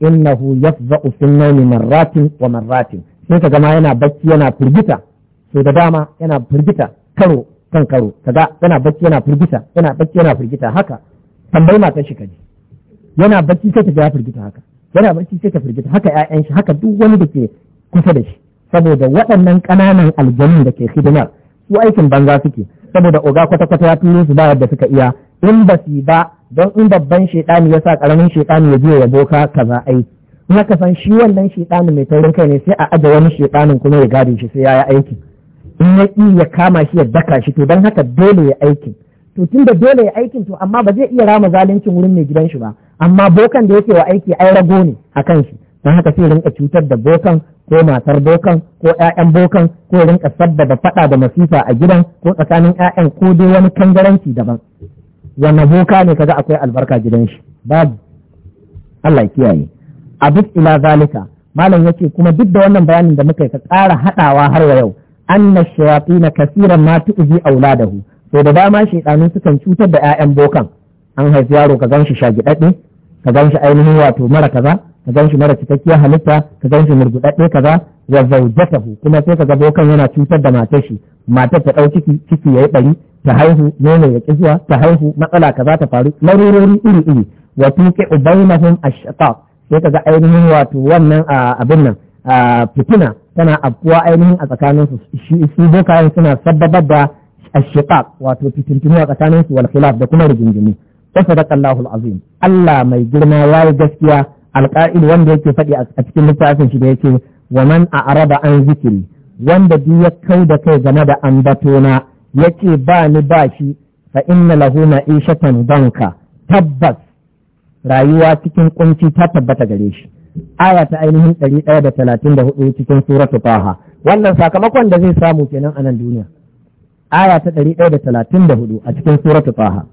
Speaker 1: innahu yafza'u fil nawmi marratin wa marratin sai ka gama yana bacci yana firgita so da dama yana firgita karo kan karo kaga yana bacci yana firgita yana bacci yana firgita haka tambayi matan shi kaji yana bacci sai ta ya firgita haka yana bacci sai ta firgita haka ƴaƴan shi haka duk wani da ke kusa da shi saboda waɗannan ƙananan aljanun da ke hidimar su aikin banza suke saboda oga kwata-kwata ya turo su ba yadda suka iya in ba su ba don in babban shaidani ya sa ƙaramin shaidani ya je ya boka kaza aiki haka san shi wannan shedanin mai taurin kai ne sai a aje wani shedanin kuma ya gadi shi sai yi aiki in ya ki ya kama shi ya daka shi to dan haka dole ya aiki to tun da dole ya aiki to amma ba zai iya rama zaluncin wurin mai gidan shi ba amma bokan da yake wa aiki ai rago ne akan shi dan haka sai rinka cutar da bokan ko matar bokan ko 'ya'yan bokan ko rinka sabbaba faɗa da masifa a gidan ko tsakanin 'ya'yan ko dai wani kangaranci daban wannan boka ne kaga akwai albarka gidan shi babu Allah ya kiyaye a duk ila zalika malam yace kuma duk da wannan bayanin da muka yi ka ƙara haɗawa har wa yau anna shayatin kasiran ma tu'zi auladahu to da dama shiɗanu sukan cutar da 'ya'yan bokan an haifi yaro ka gan shi shagidadde ka ganshi ainihin wato mara kaza ka ganshi mara cikakkiyar halitta ka gan murgudadde kaza wa zawjatahu kuma sai ka ga bokan yana cutar da matar shi matar ta dau ciki ciki yayi bari ta haihu nono ya ki zuwa ta haihu matsala kaza ta faru larurori iri iri wa tuqi bainahum ashqaq sai ka ga ainihin wato wannan abin nan fitina tana afuwa ainihin a tsakanin su shi bokayen suna sabbabar da ashiqaq wato fitintinu a tsakanin su wal da kuma rigingimu kafa da Allahul Azim Allah mai girma yayi gaskiya alqa'il wanda yake fadi a cikin littafin shi da yake wa a araba an zikiri wanda duk ya kai da kai game da ambatona yake ba ni ba shi fa inna lahu ma'ishatan banka tabbas rayuwa cikin kunci ta tabbata gare shi aya ta ainihin ɗari ɗaya da talatin da hudu cikin suratu faha wannan sakamakon da zai samu kenan a nan duniya aya ta ɗari ɗaya da talatin da hudu a cikin suratu faha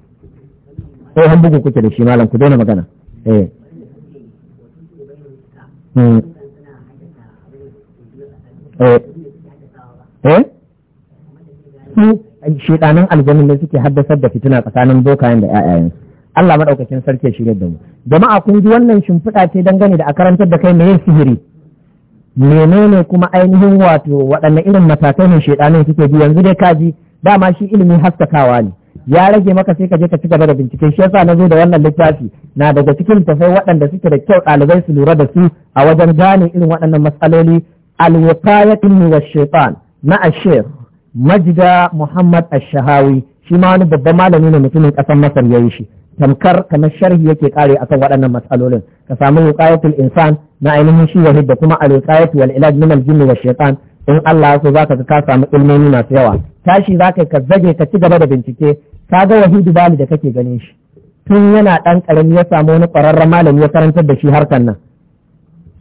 Speaker 1: ko han bugu kuke da shi malam ku daina magana eh hmm. eh, eh? Shi ɗanin aljannin ne suke haddasar da fitina tsakanin bokayen da 'ya'yayensu Allah maɗaukacin sarki ya shirya da mu jama'a kun ji wannan shimfiɗa ce dangane da a karantar da kai mai sihiri menene kuma ainihin wato waɗanne irin matakai ne shaidanin suke bi yanzu dai kaji dama shi ilimi haskakawa ne ya rage maka sai ka je ka ci gaba da bincike shi yasa na zo da wannan littafi na daga cikin tafai waɗanda suke da kyau ɗalibai su lura da su a wajen gane irin waɗannan matsaloli alwiqayatun wa shaitan na ashir majida muhammad Ashahawi, shi ma wani babban malami ne mutumin ƙasar masar ya yi shi tamkar kamar sharhi yake kare akan waɗannan matsalolin ka samu wiqayatul insan na ainihin shi wahid da kuma al wiqayatu wal ilaj min al jinni wash shaytan in Allah so zaka ka samu ilmomi masu yawa tashi zaka ka zage ka ci gaba da bincike ka ga wahidu bali da kake ganin shi tun yana ɗan ƙarami ya samu wani ƙwararren malami ya karantar da shi harkar nan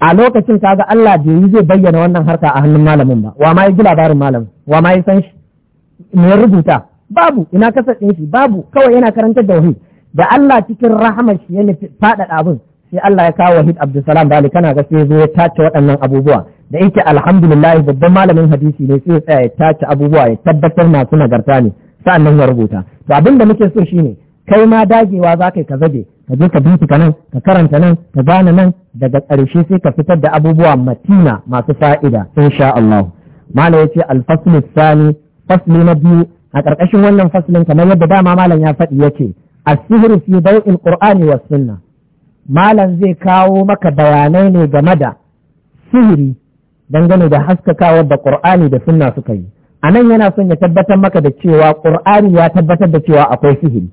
Speaker 1: a lokacin kaga Allah bai yi zai bayyana wannan harka a hannun malamin ba wa ma ya ji labarin malam wa ma ya san shi me rubuta babu ina kasar shi babu kawai yana karantar da wahidu da Allah cikin rahamar shi ya nufi faɗaɗa abin sai Allah ya kawo Wahid Abdulsalam Bali kana ga sai zo ya tace waɗannan abubuwa da yake alhamdulillah babban malamin hadisi ne sai ya tsaya ya tace abubuwa ya tabbatar masu nagarta ne sa'annan ya rubuta to abin da muke so shine kai ma dagewa za ka yi ka zage ka je ka bincika nan ka karanta nan ka gane nan daga ƙarshe sai ka fitar da abubuwa matina masu fa'ida insha Allah malam yace ce faslu fasli na biyu a ƙarƙashin wannan faslin kamar yadda dama malam ya faɗi yake A sihiri fi daw'il qur'ani wa sunna malam zai kawo maka bayanai ne game da sihiri dangane da haskakawa da qur'ani da sunna suka yi anan yana son ya tabbatar maka da cewa qur'ani ya tabbatar da cewa akwai sihiri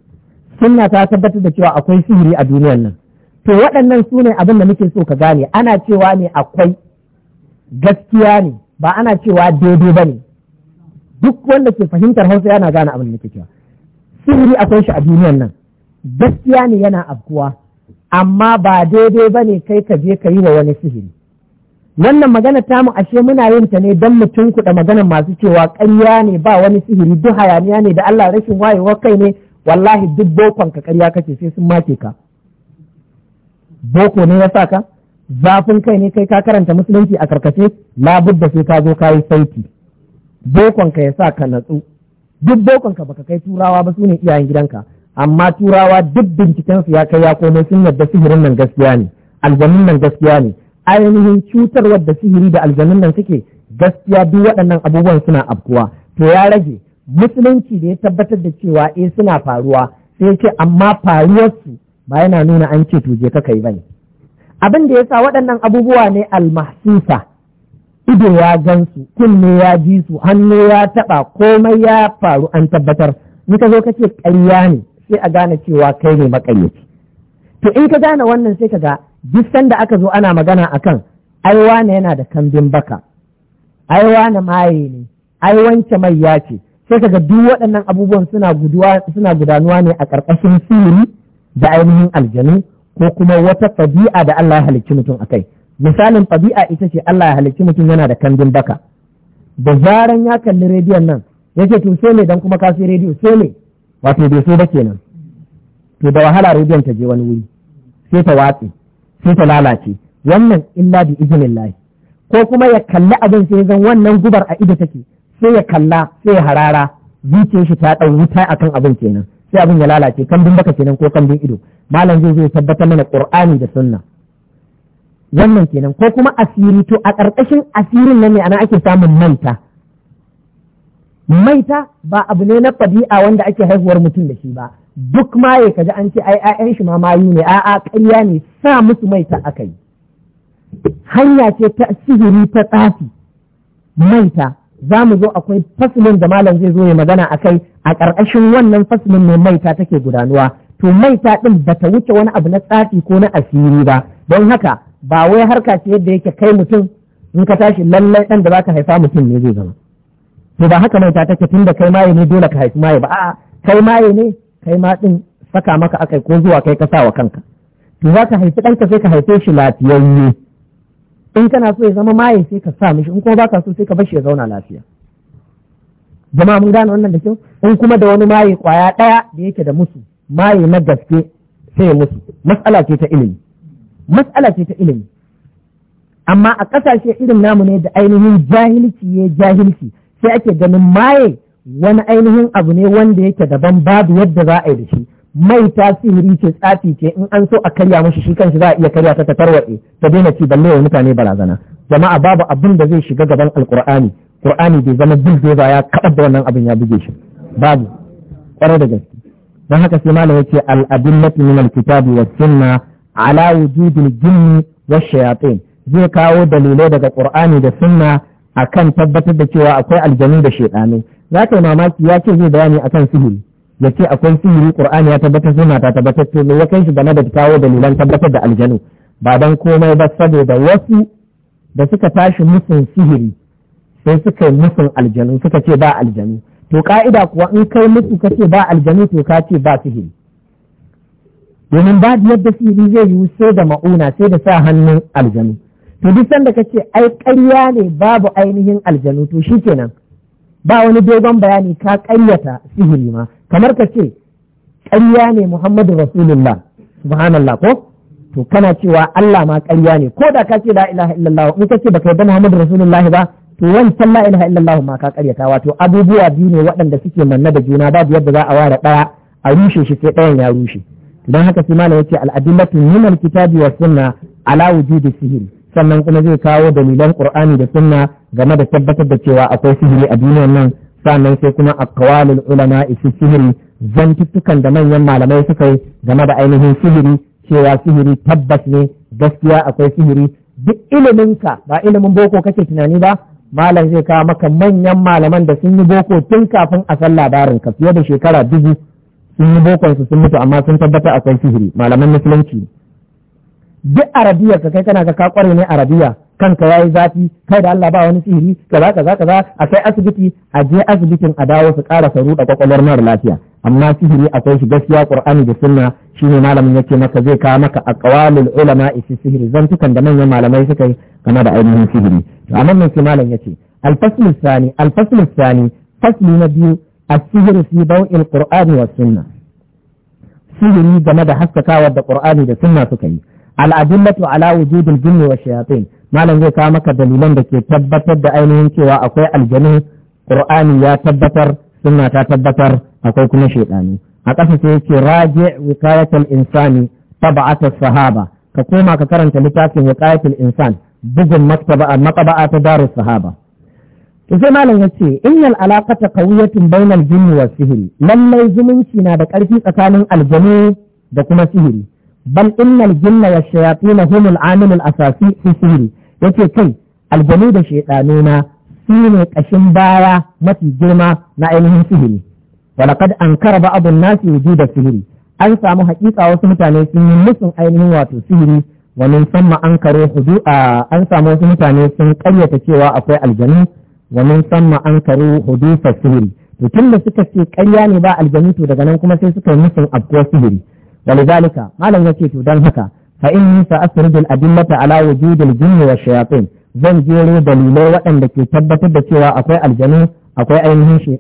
Speaker 1: sunna ta tabbatar da cewa akwai sihiri a duniyar nan to waɗannan su ne abin da muke so ka gane ana cewa ne akwai gaskiya ne ba ana cewa daidai ba ne duk wanda ke fahimtar hausa yana gane abin da muke cewa sihiri akwai shi a duniyar nan gaskiya ne yana afkuwa amma ba daidai ba ne kai ka je ka yi wa wani sihiri wannan magana mu ashe muna yin ta ne don mutum kuɗa magana masu cewa ƙarya ne ba wani sihiri duk hayaniya ne da Allah rashin wayewar kai ne wallahi duk bokon ka ƙarya kace sai sun make ka boko ne ya sa ka zafin kai ne kai ka karanta musulunci a karkace labudda sai ka zo ka yi sauti bokon ka ya sa ka natsu duk bokon ka baka kai turawa ba su ne iyayen gidanka amma turawa duk bincikensu ya kai ya komai sun yadda sihirin nan gaskiya ne aljanun nan gaskiya ne ainihin cutarwar da sihiri da aljanun nan suke gaskiya duk waɗannan abubuwan suna afkuwa to ya rage musulunci da ya tabbatar da cewa eh suna faruwa sai ce amma faruwarsu ba yana nuna an ce tuje ka kai bane abin da yasa waɗannan abubuwa ne almahsusa ido ya gansu kunne ya ji su hannu ya taɓa komai ya faru an tabbatar ni ka zo ka ce ƙarya ne sai a gane cewa kai ne makayyaci to in ka gane wannan sai ka ga duk sanda aka zo ana magana akan ai wane yana da kambin baka ai wane maye ne ai wance mai ya ce sai ka ga duk waɗannan abubuwan suna suna gudanuwa ne a ƙarƙashin sihiri da ainihin aljanu ko kuma wata fabi'a da Allah ya halicci mutum akai misalin fabi'a ita ce Allah ya halicci mutum yana da kambin baka da zaran ya kalli rediyon nan yake to sai ne dan kuma ka sai rediyo sai ne wato bai so ba kenan to da wahala rubiyan ta je wani wuri sai ta watsi, sai ta lalace wannan illa bi iznillahi ko kuma ya kalli abin sai zan wannan gubar a ido take sai ya kalla sai ya harara zuciyar shi ta ɗau wuta akan abin kenan sai abin ya lalace kambin baka kenan ko kan ido malam zai zai tabbatar mana qur'ani da sunna wannan kenan ko kuma asiri to a karkashin asirin nan ne ana ake samun manta maita ba abu ne na fadi'a wanda ake haihuwar mutum da shi ba duk maye kaji an ce ai ai shi ma mayu ne a'a ƙarya ne sa musu maita aka yi hanya ce ta sihiri ta tsafi maita za mu zo akwai fasilin da malam zai zo ya magana a kai a ƙarƙashin wannan fasilin mai maita take gudanuwa to maita ɗin ba ta wuce wani abu na tsafi ko na asiri ba don haka ba wai harka ce yadda yake kai mutum in ka tashi lallai ɗan da za ka haifa mutum ne zai zama to ba haka ta take tunda kai maye ne dole ka haifi maye ba a'a kai maye ne kai ma din saka maka akai ko zuwa kai ka sawa kanka to za ka haifi ɗanka sai ka haife shi lafiyayye in kana so ya zama maye sai ka sa mishi in kuma baka so sai ka bar shi ya zauna lafiya jama'a mun gane wannan da kyau in kuma da wani maye kwaya ɗaya da yake da musu maye na gaske sai ya musu Mas'ala ce ta ilimi Mas'ala ce ta ilimi amma a ƙasashe irin namu ne da ainihin jahilci ya jahilci sai ake ganin maye wani ainihin abu ne wanda yake daban babu yadda za a yi da shi mai tasiri ce tsafi ce in an so a karya mashi shi kanshi za a iya karya ta ta ta daina ci balle wa mutane barazana jama'a babu abin da zai shiga gaban alkur'ani qur'ani bai zama bulldozer ya kaɓar da wannan abin ya buge shi babu ƙwarar da gaske don haka sai malam yace al adillatu min al kitabi was sunna ala wujudil jinni wa shayatin zai kawo dalilai daga qur'ani da sunna akan tabbatar da cewa akwai aljanu da shekanu za ka yi mamaki ya ce zai bayani akan sihiri ya ce akwai sihiri ƙur'ani ya tabbatar sunna ta tabbatar to ya kai shi bana da kawo dalilan tabbatar da aljanu ba dan komai ba saboda wasu da suka tashi musun sihiri sai suka yi musun aljanu suka ce ba aljanu to ka'ida kuwa in kai musu ka ce ba aljanu to ka ce ba sihiri domin ba yadda sihiri zai yi sai da ma'una sai da sa hannun aljanu to duk sanda ka ce ai ƙarya ne babu ainihin aljanu to shi kenan, ba wani dogon bayani ka ƙaryata sihiri ma kamar ka ce ƙarya ne Muhammadu Rasulullah subhanallah ko to kana cewa Allah ma ƙarya ne ko da ka ce la ilaha illallah in ka ce baka yarda Muhammadu Rasulullah ba to wancan la ilaha illallah ma ka ƙaryata wato abubuwa biyu ne waɗanda suke manna da juna babu yadda za a ware ɗaya a rushe shi sai ɗayan ya rushe don haka sai malam yace al-adillatu min al-kitabi wa sunna ala wujudi sihiri sannan kuma zai kawo dalilan qur'ani da sunna game da tabbatar da cewa akwai sihiri a duniyar nan sannan sai kuma aqwalul ulama fi sihiri zantuttukan da manyan malamai suka yi game da ainihin sihiri cewa sihiri tabbas ne gaskiya akwai sihiri duk iliminka ba ilimin boko kake tunani ba malam zai kawo maka manyan malaman da sun yi boko tun kafin a san labarin ka fiye da shekara dubu sun yi bokon su sun mutu amma sun tabbata akwai sihiri malaman musulunci duk arabiyar ka kai kana ga ka kware ne arabiya kanka yayi zafi kai da Allah ba wani sihiri kaza kaza kaza akai kai asibiti a je asibitin a dawo su ƙara saru da kwakwalwar mara lafiya amma sihiri akwai shi gaskiya qur'ani da sunna shine malamin yake maka zai kawo maka aqwalul ulama isi sihiri zantukan da manyan malamai suka yi game da ainihin sihiri to amma mai malam yace al-faslu thani al thani fasli na biyu as-sihru fi baw'il qur'ani was sunna sihiri game da haskakawa da qur'ani da sunna suka yi al'adillatu ala wujudil jinni wa shayatin malam zai kawo maka dalilan da ke tabbatar da ainihin cewa akwai aljanu qur'ani ya tabbatar sunna ta tabbatar akwai kuma shaidani a ƙasa sai yake raji wiqayatul insani tab'atus sahaba ka koma ka karanta littafin wiqayatul insan bugun maktaba maqaba'a ta darus sahaba to sai malam yace innal alaqata qawiyatun bainal jinni wa sihri lallai zumunci na da ƙarfi tsakanin aljanu da kuma sihiri bal innal jinna wa shayatin hum al amil al asasi fi sihri yace kai aljanu da shaytanu na sune kashin baya mafi girma na ainihin sihiri walaqad ankara ba'd an nas da sihiri an samu hakika wasu mutane sun yi musun ainihin wato sihiri wa min samma ankaru mutane sun karyata cewa akwai aljanu wa min samma ankaru hudufa sihiri to tun da suka ce karya ne ba aljanu to daga nan kuma sai suka yi musun abkuwa sihiri walidhalika malam ce to dan haka fa inni sa asridu al adillata ala wujud al jinni wa shayatin zan jero dalilai waɗanda ke tabbatar da cewa akwai aljanu akwai ainihin